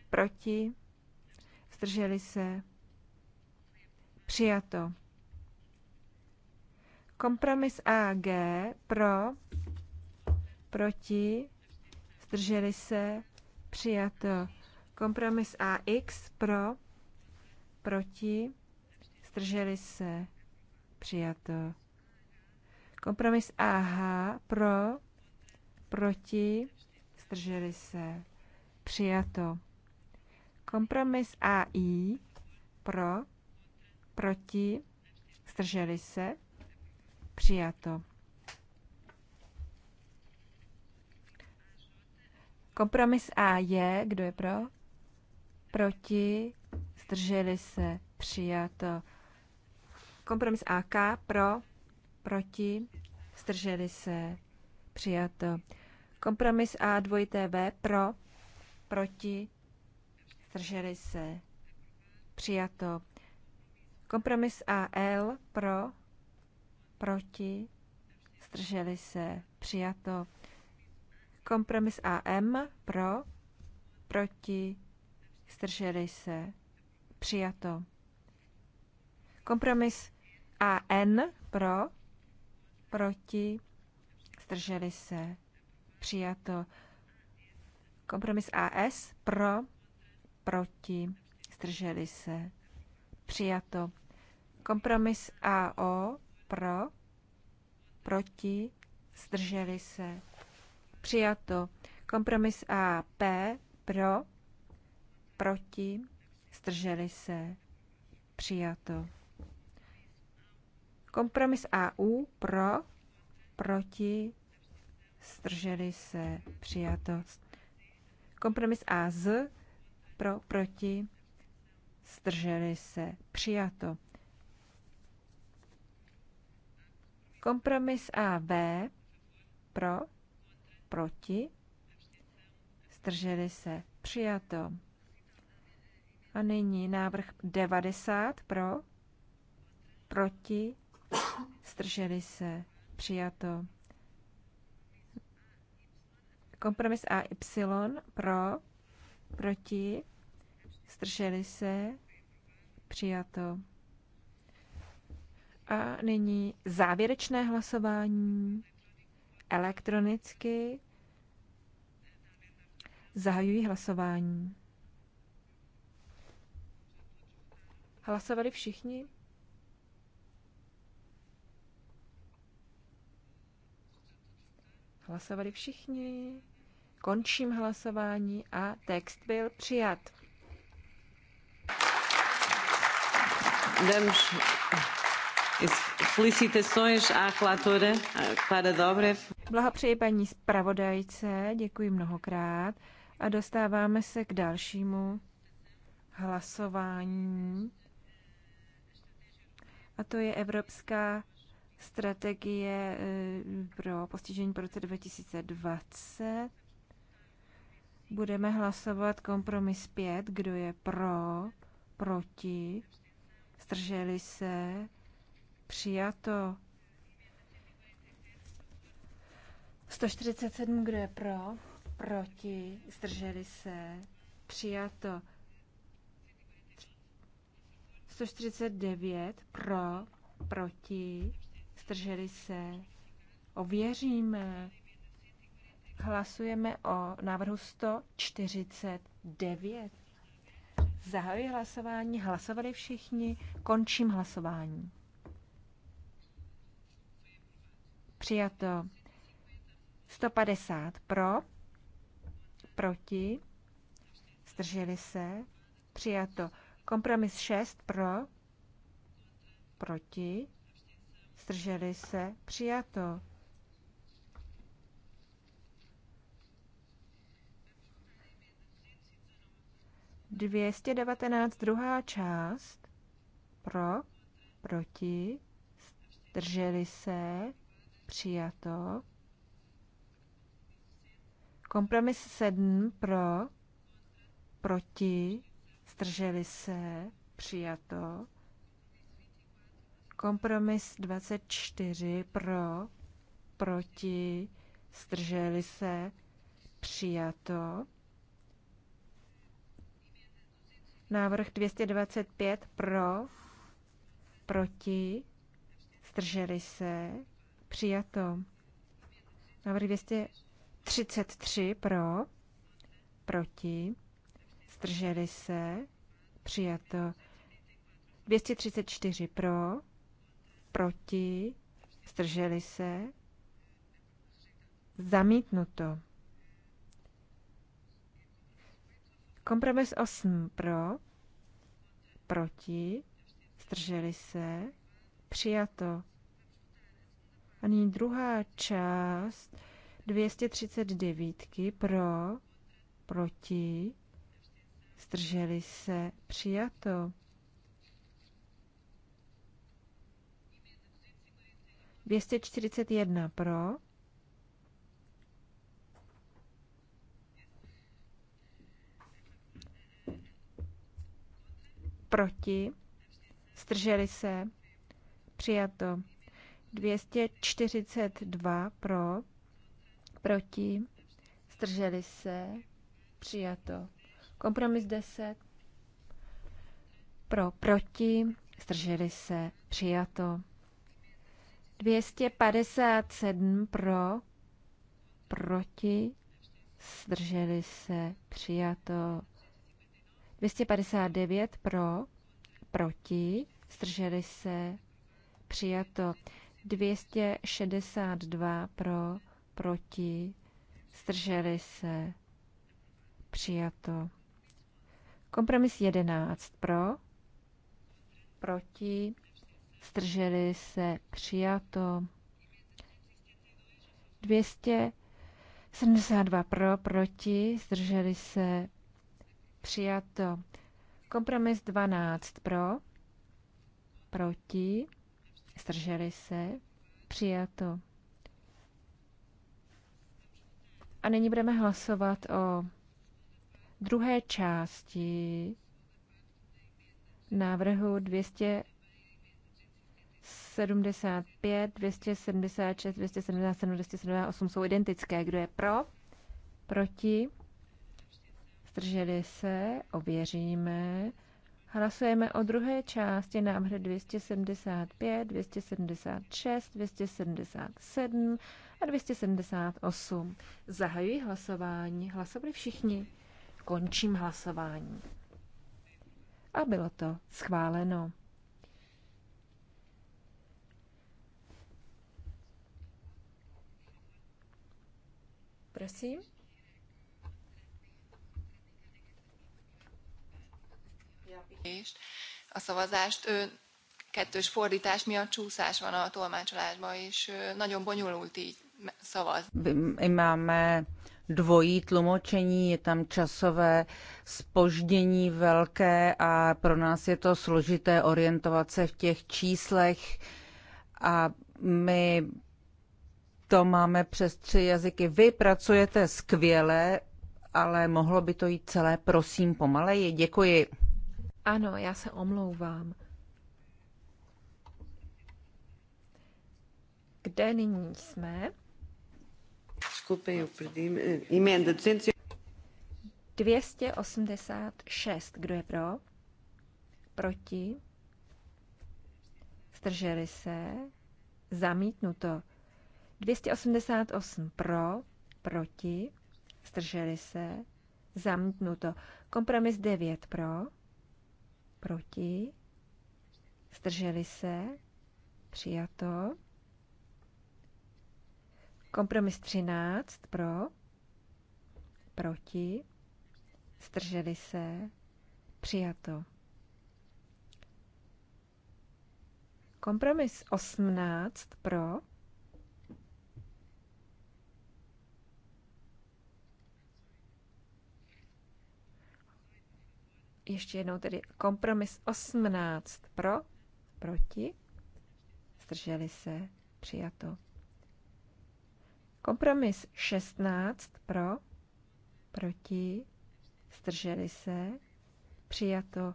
proti, zdrželi se, přijato. Kompromis AG pro, proti, zdrželi se, přijato. Kompromis AX pro, proti, zdrželi se, přijato. Kompromis AH pro, proti, zdrželi se, přijato. Kompromis AI pro, proti, zdrželi se, přijato. Kompromis A je, kdo je pro? Proti, zdrželi se, přijato. Kompromis AK pro, proti, zdrželi se, přijato. Kompromis A dvojité V pro, proti, zdrželi se, přijato. Kompromis A L pro, proti, zdrželi se, přijato. Kompromis A M pro, proti, zdrželi se, přijato. Kompromis AN pro, proti, zdrželi se, přijato. Kompromis AS, pro, proti, zdrželi se, přijato. Kompromis AO, pro, proti, zdrželi se, přijato. Kompromis AP, pro, proti, zdrželi se, přijato. Kompromis AU pro, proti, strželi se, přijato. Kompromis AZ pro, proti, strželi se, přijato. Kompromis AV pro, proti, strželi se, přijato. A nyní návrh 90 pro, proti, strželi se. Přijato. Kompromis A Y pro, proti, strželi se, přijato. A nyní závěrečné hlasování elektronicky. Zahajují hlasování. Hlasovali všichni? Hlasovali všichni. Končím hlasování a text byl přijat. Damos felicitações à relatora Clara Dobrev. Blahopřeji paní zpravodajce, děkuji mnohokrát a dostáváme se k dalšímu hlasování. A to je Evropská strategie eh, pro postižení po roce 2020. Budeme hlasovat kompromis 5, kdo je pro, proti, strželi se, přijato. 147, kdo je pro, proti, strželi se, přijato. 149, pro, proti, zdrželi se, ověříme. Hlasujeme o návrhu 149. Zahajuji hlasování, hlasovali všichni, končím hlasování. Přijato 150 pro, proti, zdrželi se, přijato kompromis 6 pro, proti, zdrželi se, přijato. Dvěstě devatenáct druhá část pro, proti, zdrželi se, přijato. Kompromis sedm pro, proti, zdrželi se, přijato. Kompromis 24 pro, proti, zdrželi se, přijato. Návrh 225 pro, proti, zdrželi se, přijato. Návrh 233 pro, proti, zdrželi se, přijato. 234 pro, proti, zdrželi se, zamítnuto. Kompromis 8 pro, proti, zdrželi se, přijato. A nyní druhá část 239 pro, proti, zdrželi se, přijato. 241 pro. Proti. strželi se. Přijato. 242 pro. Proti. strželi se. Přijato. Kompromis 10. Pro. Proti. strželi se. Přijato. 257 pro, proti, zdrželi se, přijato. 259 pro, proti, zdrželi se, přijato. 262 pro, proti, zdrželi se, přijato. Kompromis 11 pro, proti, zdrželi se, přijato. 272 pro, proti, zdrželi se, přijato. Kompromis 12 pro, proti, zdrželi se, přijato. A nyní budeme hlasovat o druhé části návrhu 200 275, 276, 277, 278 jsou identické. Kdo je pro? Proti? Zdrželi se? Ověříme. Hlasujeme o druhé části námře 275, 276, 277 a 278. Zahajuji hlasování. Hlasovali všichni. Končím hlasování. A bylo to schváleno. Prosím. A szavazást ön kettős fordítás miatt csúszás van a tolmácsolásban, és nagyon bonyolult így szavaz. Máme dvojí tlumočení, je tam časové spoždění velké a pro nás je to složité orientovat se v těch číslech a my to máme přes tři jazyky. Vy pracujete skvěle, ale mohlo by to jít celé, prosím, pomaleji. Děkuji. Ano, já se omlouvám. Kde nyní jsme? Skupej, uprdím, jméno 286. Kdo je pro? Proti? Zdrželi se? Zamítnuto. 288 pro, proti, zdrželi se, zamítnuto. Kompromis 9 pro, proti, zdrželi se, přijato. Kompromis 13 pro, proti, zdrželi se, přijato. Kompromis 18 pro, Ještě jednou tedy kompromis 18 pro, proti, zdrželi se, přijato. Kompromis 16 pro, proti, zdrželi se, přijato.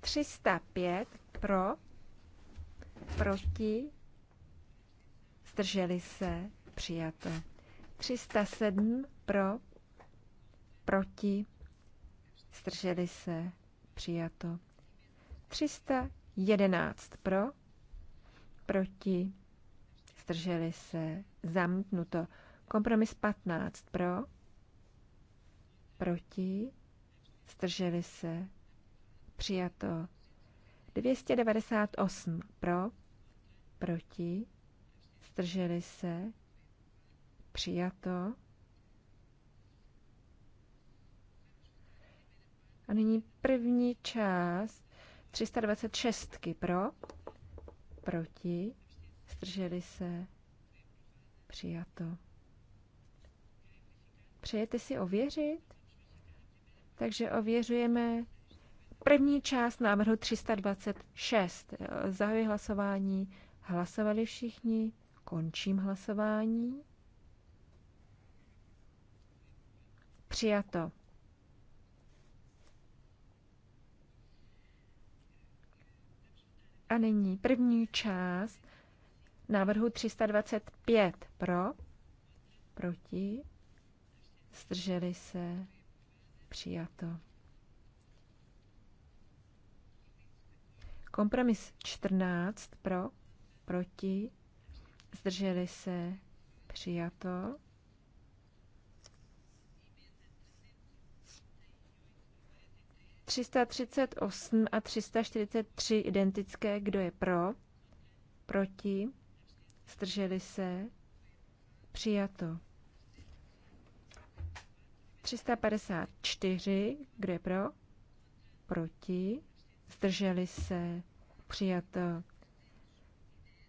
305 pro, proti, zdrželi se, přijato. 307 pro, proti, zdrželi se, přijato. 311 pro, proti, zdrželi se, zamítnuto. Kompromis 15 pro, proti, zdrželi se, přijato. 298 pro, proti, zdrželi se, přijato. A nyní první část 326 pro, proti, zdrželi se, přijato. Přejete si ověřit? Takže ověřujeme první část návrhu 326. Zahajuji hlasování. Hlasovali všichni. Končím hlasování. Přijato. A nyní první část návrhu 325 pro, proti, zdrželi se, přijato. Kompromis 14 pro, proti, zdrželi se, přijato. 338 a 343 identické. Kdo je pro? Proti? Zdrželi se? Přijato. 354. Kdo je pro? Proti? Zdrželi se? Přijato.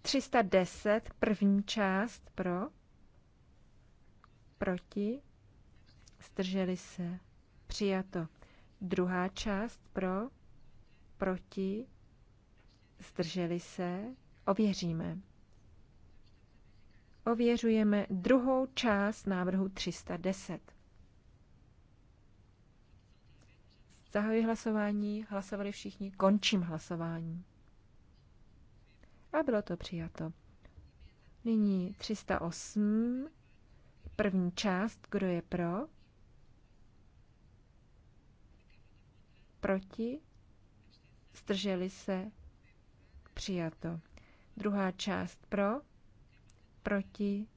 310. První část pro? Proti? Zdrželi se? Přijato. Druhá část pro, proti, zdrželi se, ověříme. Ověřujeme druhou část návrhu 310. Zahajuji hlasování, hlasovali všichni, končím hlasování. A bylo to přijato. Nyní 308, první část, kdo je pro, Proti? Zdrželi se? Přijato. Druhá část pro? Proti?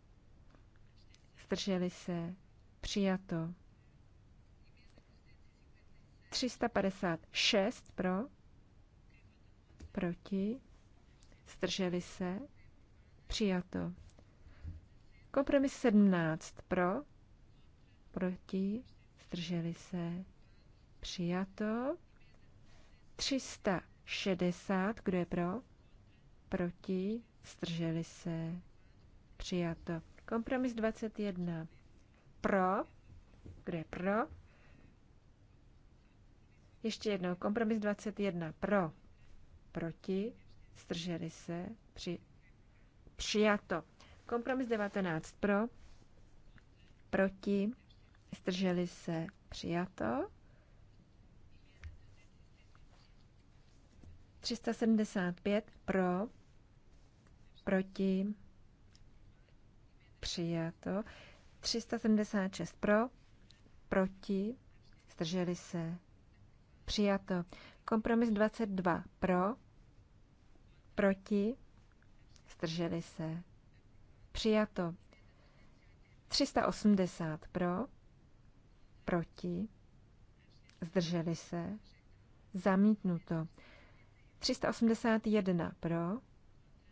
Zdrželi se? Přijato. 356 pro? Proti? Zdrželi se? Přijato. Kompromis 17 pro? Proti? Zdrželi se? Přijato. 360, kdo je pro? Proti, strželi se. Přijato. Kompromis 21. Pro, kdo je pro? Ještě jednou, kompromis 21. Pro, proti, strželi se, při, přijato. Kompromis 19. Pro, proti, strželi se, přijato. 375 pro, proti, přijato. 376 pro, proti, zdrželi se, přijato. Kompromis 22 pro, proti, zdrželi se, přijato. 380 pro, proti, zdrželi se, zamítnuto. 381 pro,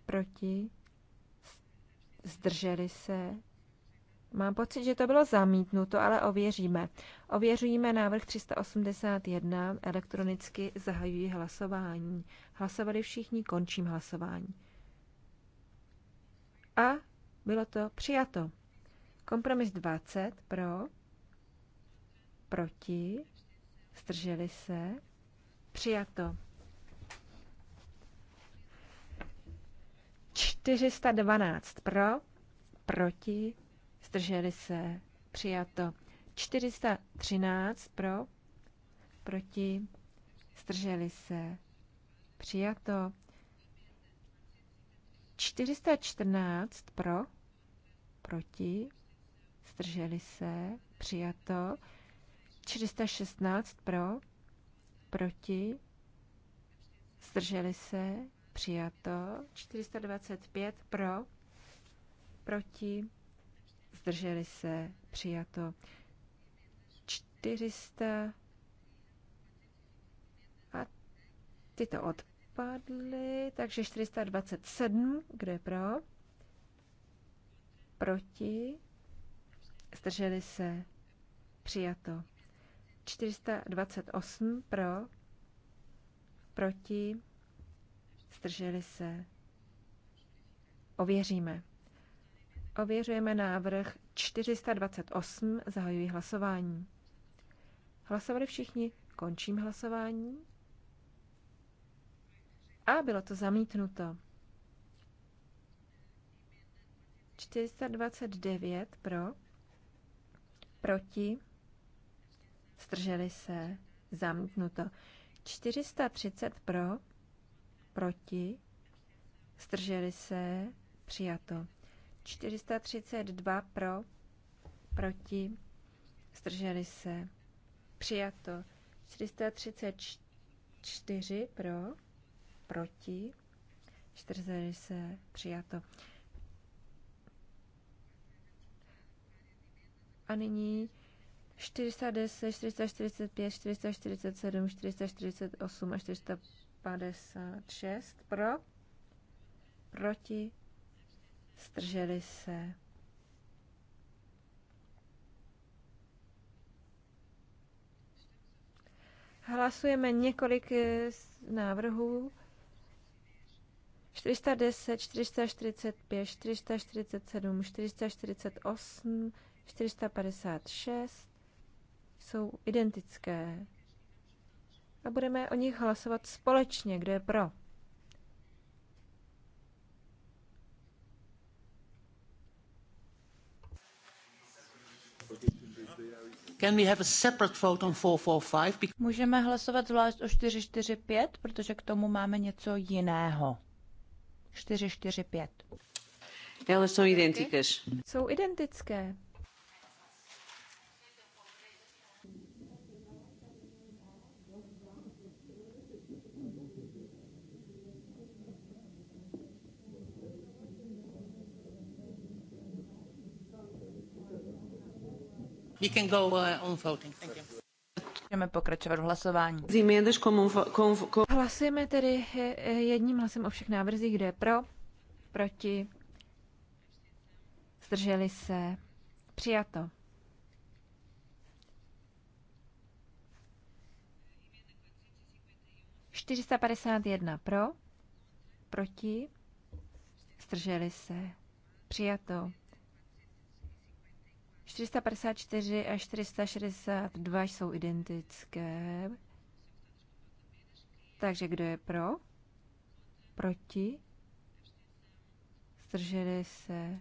proti, zdrželi se. Mám pocit, že to bylo zamítnuto, ale ověříme. Ověříme návrh 381, elektronicky zahajují hlasování. Hlasovali všichni, končím hlasování. A bylo to přijato. Kompromis 20 pro, proti, zdrželi se, přijato. 412 pro, proti, zdrželi se, přijato. 413 pro, proti, zdrželi se, přijato. 414 pro, proti, zdrželi se, přijato. 416 pro, proti, zdrželi se, Přijato. 425 pro. Proti. Zdrželi se. Přijato. 400 a tyto odpadly, takže 427, kde pro? Proti. Zdrželi se. Přijato. 428 pro. Proti Zdrželi se? Ověříme. Ověřujeme návrh 428. Zahajuji hlasování. Hlasovali všichni? Končím hlasování. A bylo to zamítnuto. 429 pro, proti, zdrželi se, zamítnuto. 430 pro, proti, zdrželi se, přijato. 432 pro, proti, zdrželi se, přijato. 434 pro, proti, zdrželi se, přijato. A nyní 410, 445, 447, 448 a 450 56 pro, proti, strželi se. Hlasujeme několik eh, návrhů. 410, 445, 447, 448, 456 jsou identické a budeme o nich hlasovat společně. Kdo je pro? Can we have a separate vote on 445? Můžeme hlasovat zvlášť o 445, protože k tomu máme něco jiného. 445. Ale jsou identické. Jsou identické. Uh, Můžeme pokračovat v hlasování. Hlasujeme tedy eh, eh, jedním hlasem o všech návrzích, kde je pro, proti, zdrželi se, přijato. Čtyřista padesát jedna pro, proti, zdrželi se, přijato. 454 a 462 jsou identické. Takže kdo je pro? Proti? Zdrželi se?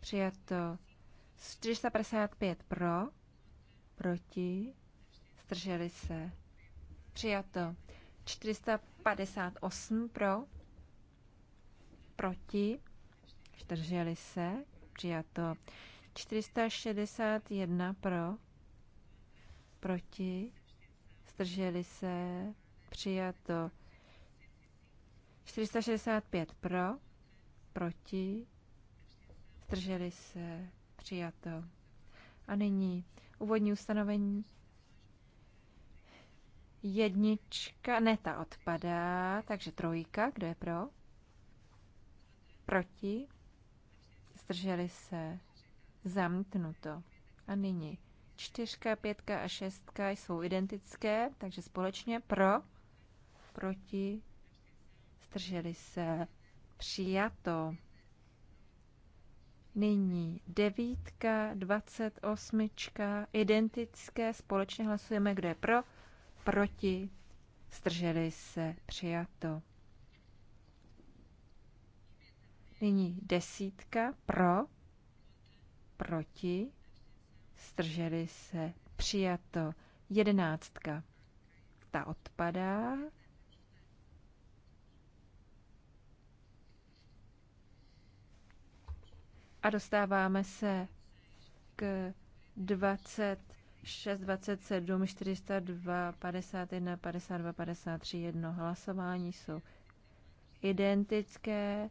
Přijato 455 pro, proti, zdrželi se. Přijato 458 pro, proti, zdrželi se. Přijato 461 pro, proti, zdrželi se, přijato. 465 pro, proti, zdrželi se, přijato. A nyní úvodní ustanovení. Jednička, ne, ta odpadá, takže trojka, kdo je pro? Proti, zdrželi se, zamknuto. A nyní čtyřka, pětka a šestka jsou identické, takže společně pro, proti, zdrželi se, přijato. Nyní devítka, dvacet osmička, identické, společně hlasujeme, kdo je pro, proti, zdrželi se, přijato. Nyní desítka, pro, proti, strželi se, přijato. Jedenáctka, ta odpadá. A dostáváme se k 26, 27, 402, 51, 52, 53, jedno hlasování jsou identické.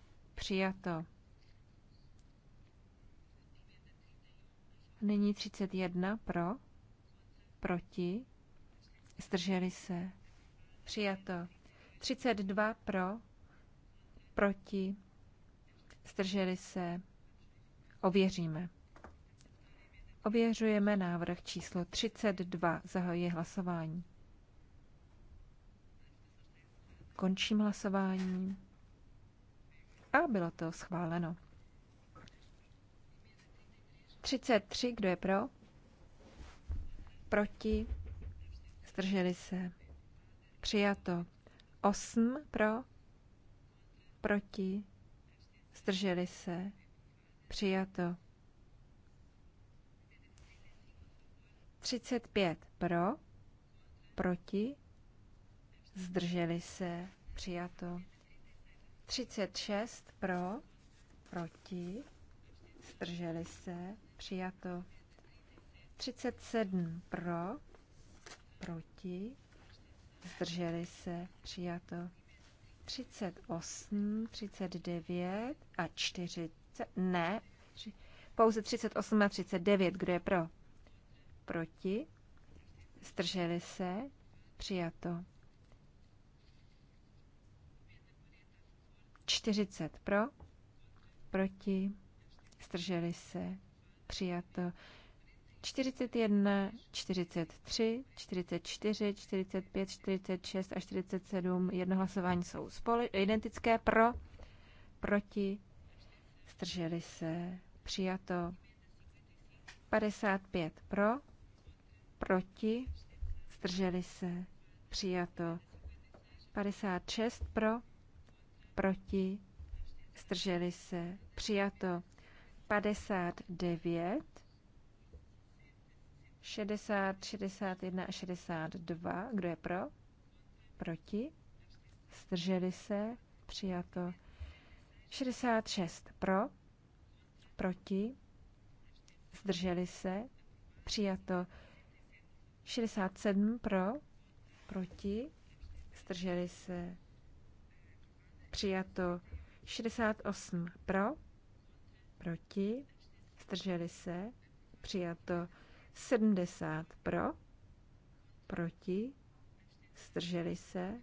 Přijato. Nyní 31 pro, proti, zdrželi se. Přijato. 32 pro, proti, zdrželi se. Ověříme. Ověřujeme návrh číslo 32. Zahajuji hlasování. Končím hlasování a bylo to schváleno. 33, kdo je pro? Proti? Zdrželi se. Přijato. 8 pro? Proti? Zdrželi se. Přijato. 35 pro? Proti? Zdrželi se. Přijato. 36 pro, proti, zdrželi se, přijato. 37 pro, proti, zdrželi se, přijato. 38, 39 a 40, ne, pouze 38 a 39, kdo je pro? Proti, zdrželi se, přijato. 40 pro, proti, strželi se, přijato 41, 43, 44, 45, 46 a 47. Jedno hlasování jsou spole- identické pro, proti, strželi se, přijato 55 pro, proti, strželi se, přijato 56 pro, proti, zdrželi se, přijato 59, 60, 61 a 62, kdo je pro, proti, zdrželi se, přijato 66 pro, proti, zdrželi se, přijato 67 pro, proti, zdrželi se, Přijato 68 pro, proti, zdrželi se. Přijato 70 pro, proti, zdrželi se.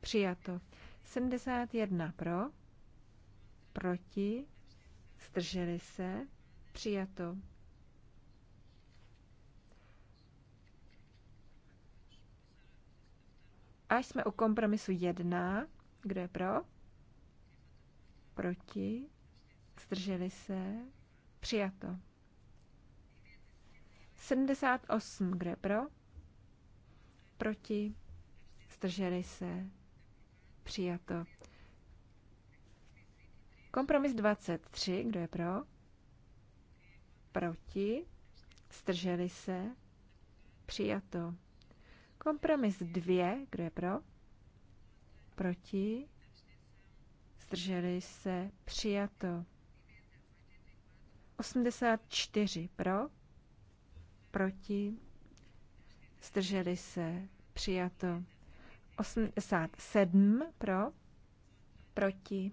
Přijato 71 pro, proti, zdrželi se. Přijato. Až jsme u kompromisu 1, kdo je pro? proti, zdrželi se, přijato. 78, kde pro, proti, zdrželi se, přijato. Kompromis 23, kdo je pro, proti, zdrželi se, přijato. Kompromis 2, kdo je pro, proti, zdrželi se, přijato. 84 pro, proti, zdrželi se, přijato. 87 pro, proti,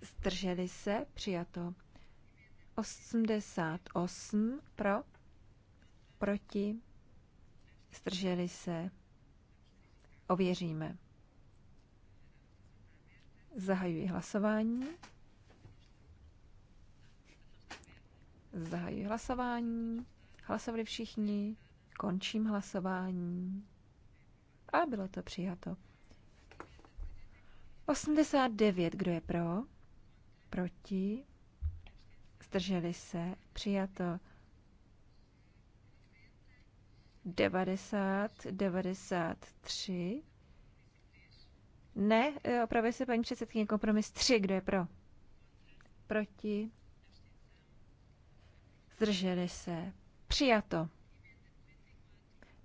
zdrželi se, přijato. 88 pro, proti, zdrželi se, ověříme. Zahajuji hlasování. Zahajuji hlasování. Hlasovali všichni. Končím hlasování. A bylo to přijato. 89. Kdo je pro? Proti? Zdrželi se? Přijato. 90, 93 ne, eh, opravuje se paní předsedkyně kompromis 3. Kdo je pro? Proti? Zdrželi se. Přijato.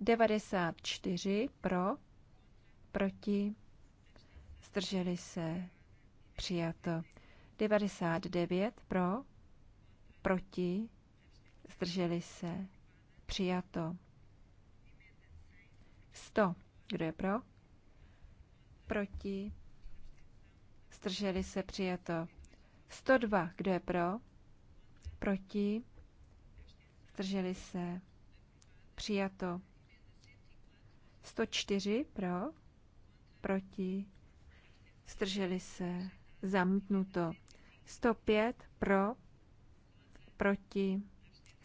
94 pro, proti, zdrželi se, přijato. 99 pro, proti, zdrželi se, přijato. 100, kdo je pro? Proti? Zdrželi se přijato. 102. Kdo je pro? Proti? Zdrželi se. Přijato. 104 pro, proti, zdrželi se, zamítnuto. 105 pro, proti,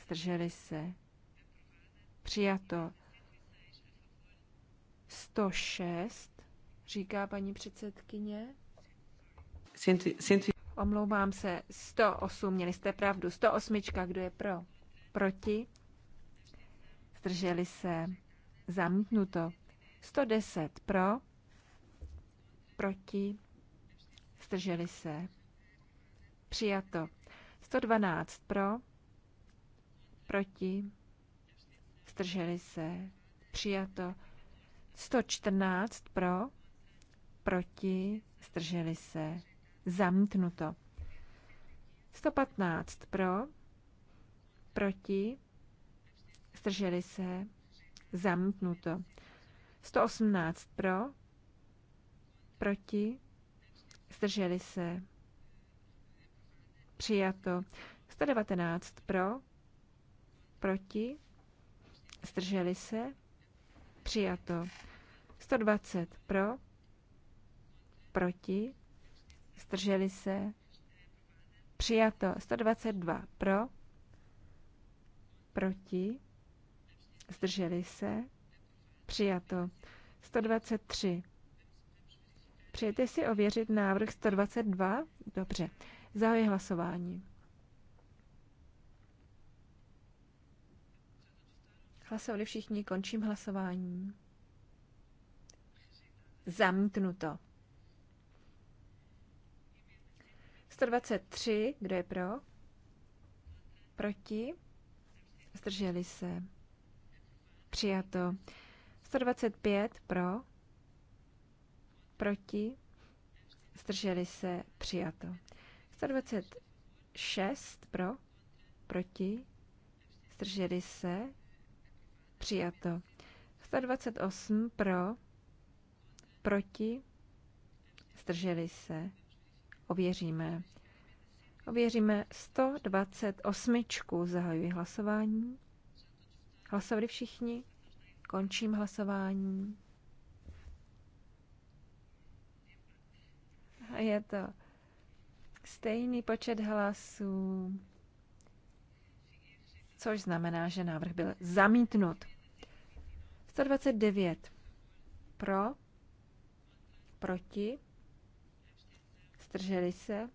zdrželi se, přijato. 106 říká paní předsedkyně. Omlouvám se, 108, měli jste pravdu, 108, kdo je pro? Proti? Zdrželi se, zamítnuto. 110 pro, proti, zdrželi se, přijato. 112 pro, proti, zdrželi se, přijato. 114 pro, proti, zdrželi se, zamítnuto. 115 pro, proti, zdrželi se, zamítnuto. 118 pro, proti, zdrželi se, přijato. 119 pro, proti, zdrželi se, přijato. 120 pro, proti, zdrželi se, přijato 122 pro, proti, zdrželi se, přijato 123. Přijete si ověřit návrh 122? Dobře. Zahajuji hlasování. Hlasovali všichni, končím hlasování. Zamítnuto. 123, kdo je pro? Proti? Zdrželi se. Přijato. 125 pro. Proti? Zdrželi se. Přijato. 126 pro. Proti? Zdrželi se. Přijato. 128 pro. Proti? Zdrželi se Ověříme. Ověříme 128. Zahajuji hlasování. Hlasovali všichni? Končím hlasování. A je to stejný počet hlasů, což znamená, že návrh byl zamítnut. 129 pro, proti, Zdrželi se?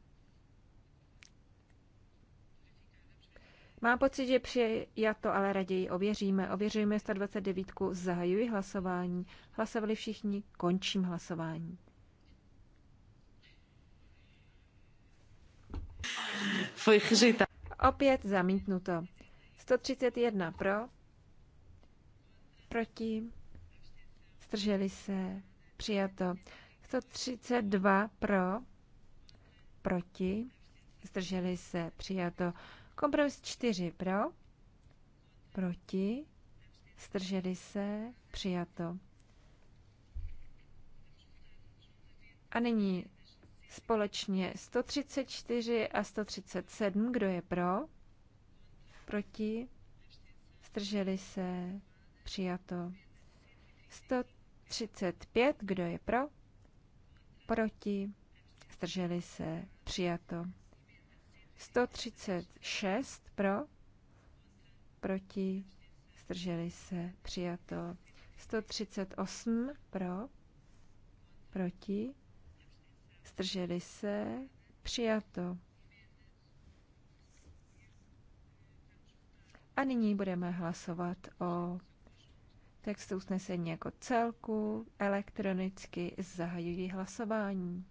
Mám pocit, že přijato, ale raději ověříme. Ověřujeme 129. Zahajuji hlasování. Hlasovali všichni. Končím hlasování. Opět zamítnuto. 131 pro, proti, strželi se, přijato. 132 pro, proti, zdrželi se, přijato. Kompromis 4 pro, proti, zdrželi se, přijato. A nyní společně 134 a 137, kdo je pro, proti, zdrželi se, přijato. 135, kdo je pro, proti, zdrželi se, přijato. 136 pro, proti, zdrželi se, přijato. 138 pro, proti, zdrželi se, přijato. A nyní budeme hlasovat o textu usnesení jako celku. Elektronicky zahajují hlasování.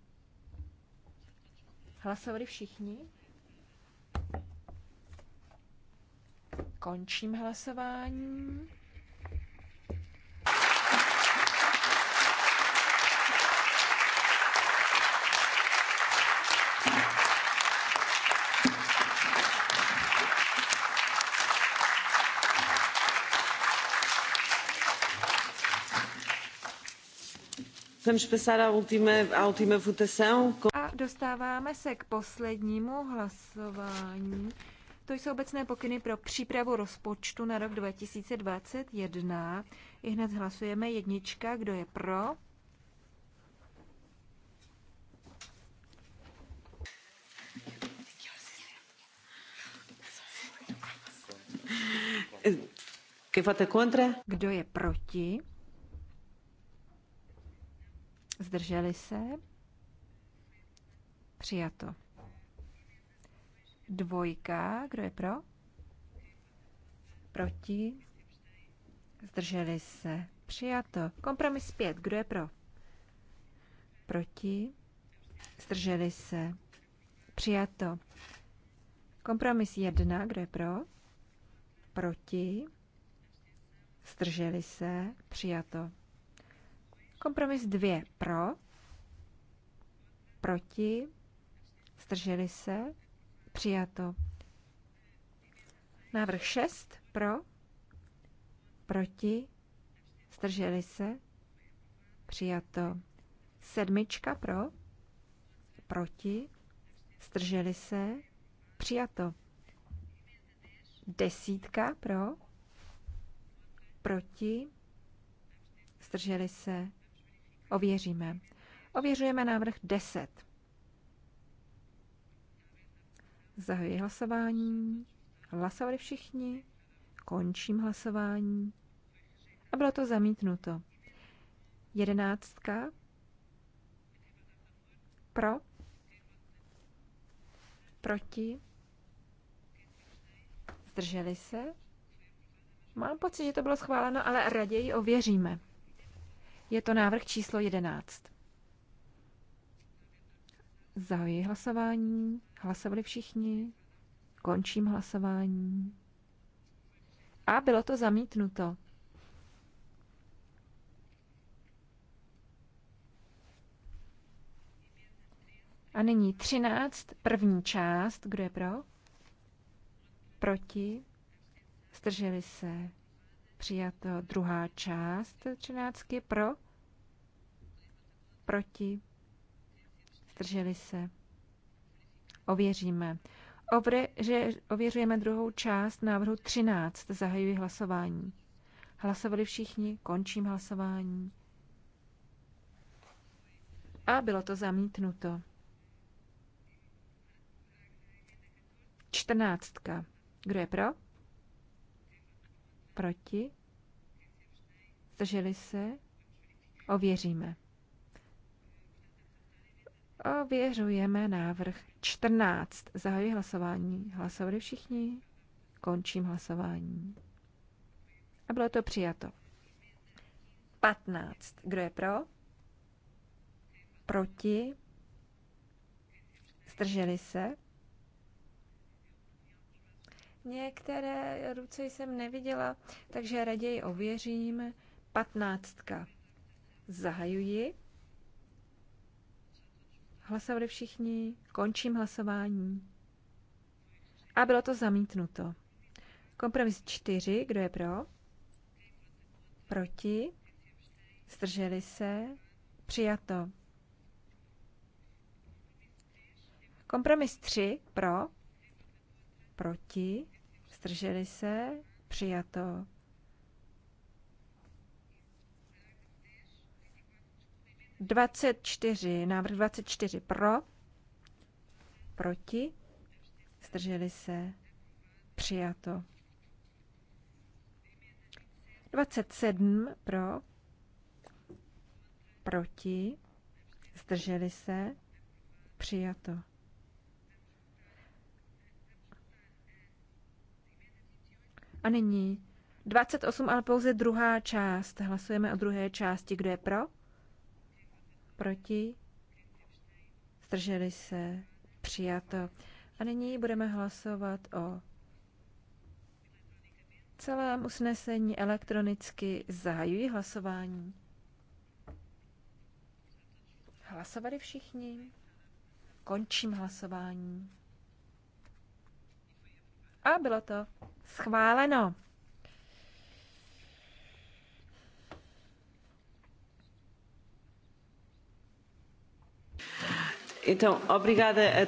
Hlasovali všichni? Končím hlasování. Vamos passar à última, à última votação dostáváme se k poslednímu hlasování. To jsou obecné pokyny pro přípravu rozpočtu na rok 2021. I hned hlasujeme jednička, kdo je pro. Kdo je proti? Zdrželi se? Přijato. Dvojka, kdo je pro? Proti? Zdrželi se. Přijato. Kompromis pět. kdo je pro? Proti? Zdrželi se. Přijato. Kompromis jedna. kdo je pro? Proti? Zdrželi se. Přijato. Kompromis dvě. pro? Proti? Zdrželi se? Přijato. Návrh 6 pro, proti, zdrželi se, přijato. Sedmička pro, proti, zdrželi se, přijato. Desítka pro, proti, zdrželi se, ověříme. Ověřujeme návrh 10. Zahajuji hlasování. Hlasovali všichni. Končím hlasování. A bylo to zamítnuto. Jedenáctka. Pro. Proti. Zdrželi se. Mám pocit, že to bylo schváleno, ale raději ověříme. Je to návrh číslo 11. Zahoji hlasování. Hlasovali všichni? Končím hlasování. A bylo to zamítnuto. A nyní třináct. první část. Kdo je pro? Proti? Zdrželi se. Přijato druhá část Třináctky Pro? Proti? Zdrželi se ověříme. Ovre, že ověřujeme druhou část návrhu 13. Zahajuji hlasování. Hlasovali všichni, končím hlasování. A bylo to zamítnuto. Čtrnáctka. Kdo je pro? Proti? Zdrželi se? Ověříme. Ověřujeme návrh 14. Zahajuji hlasování. Hlasovali všichni? Končím hlasování. A bylo to přijato. 15. Kdo je pro? Proti? Zdrželi se? Některé ruce jsem neviděla, takže raději ověřím. Patnáctka. Zahajuji. Hlasovali všichni. Končím hlasování. A bylo to zamítnuto. Kompromis 4. Kdo je pro? Proti? Zdrželi se? Přijato. Kompromis 3. Pro? Proti? Zdrželi se? Přijato. 24, návrh 24 pro, proti, zdrželi se, přijato. 27 pro, proti, zdrželi se, přijato. A nyní 28, ale pouze druhá část. Hlasujeme o druhé části. Kdo je pro? Proti? Zdrželi se? Přijato. A nyní budeme hlasovat o celém usnesení elektronicky. Zahajuji hlasování. Hlasovali všichni? Končím hlasování. A bylo to schváleno. Então, obrigada a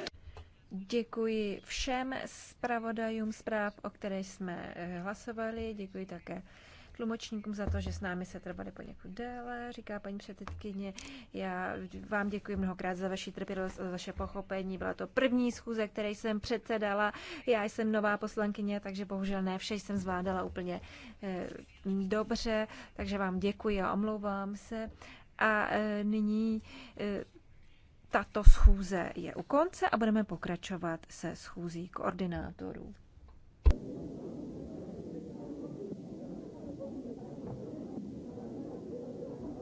Děkuji všem zpravodajům zpráv, o které jsme eh, hlasovali. Děkuji také tlumočníkům za to, že s námi se trvali poněkud déle, říká paní předsedkyně. Já vám děkuji mnohokrát za vaši trpělivost a za vaše pochopení. Byla to první schůze, které jsem předsedala. Já jsem nová poslankyně, takže bohužel ne vše jsem zvládala úplně eh, dobře, takže vám děkuji a omlouvám se. A eh, nyní tato schůze je u konce a budeme pokračovat se schůzí koordinátorů.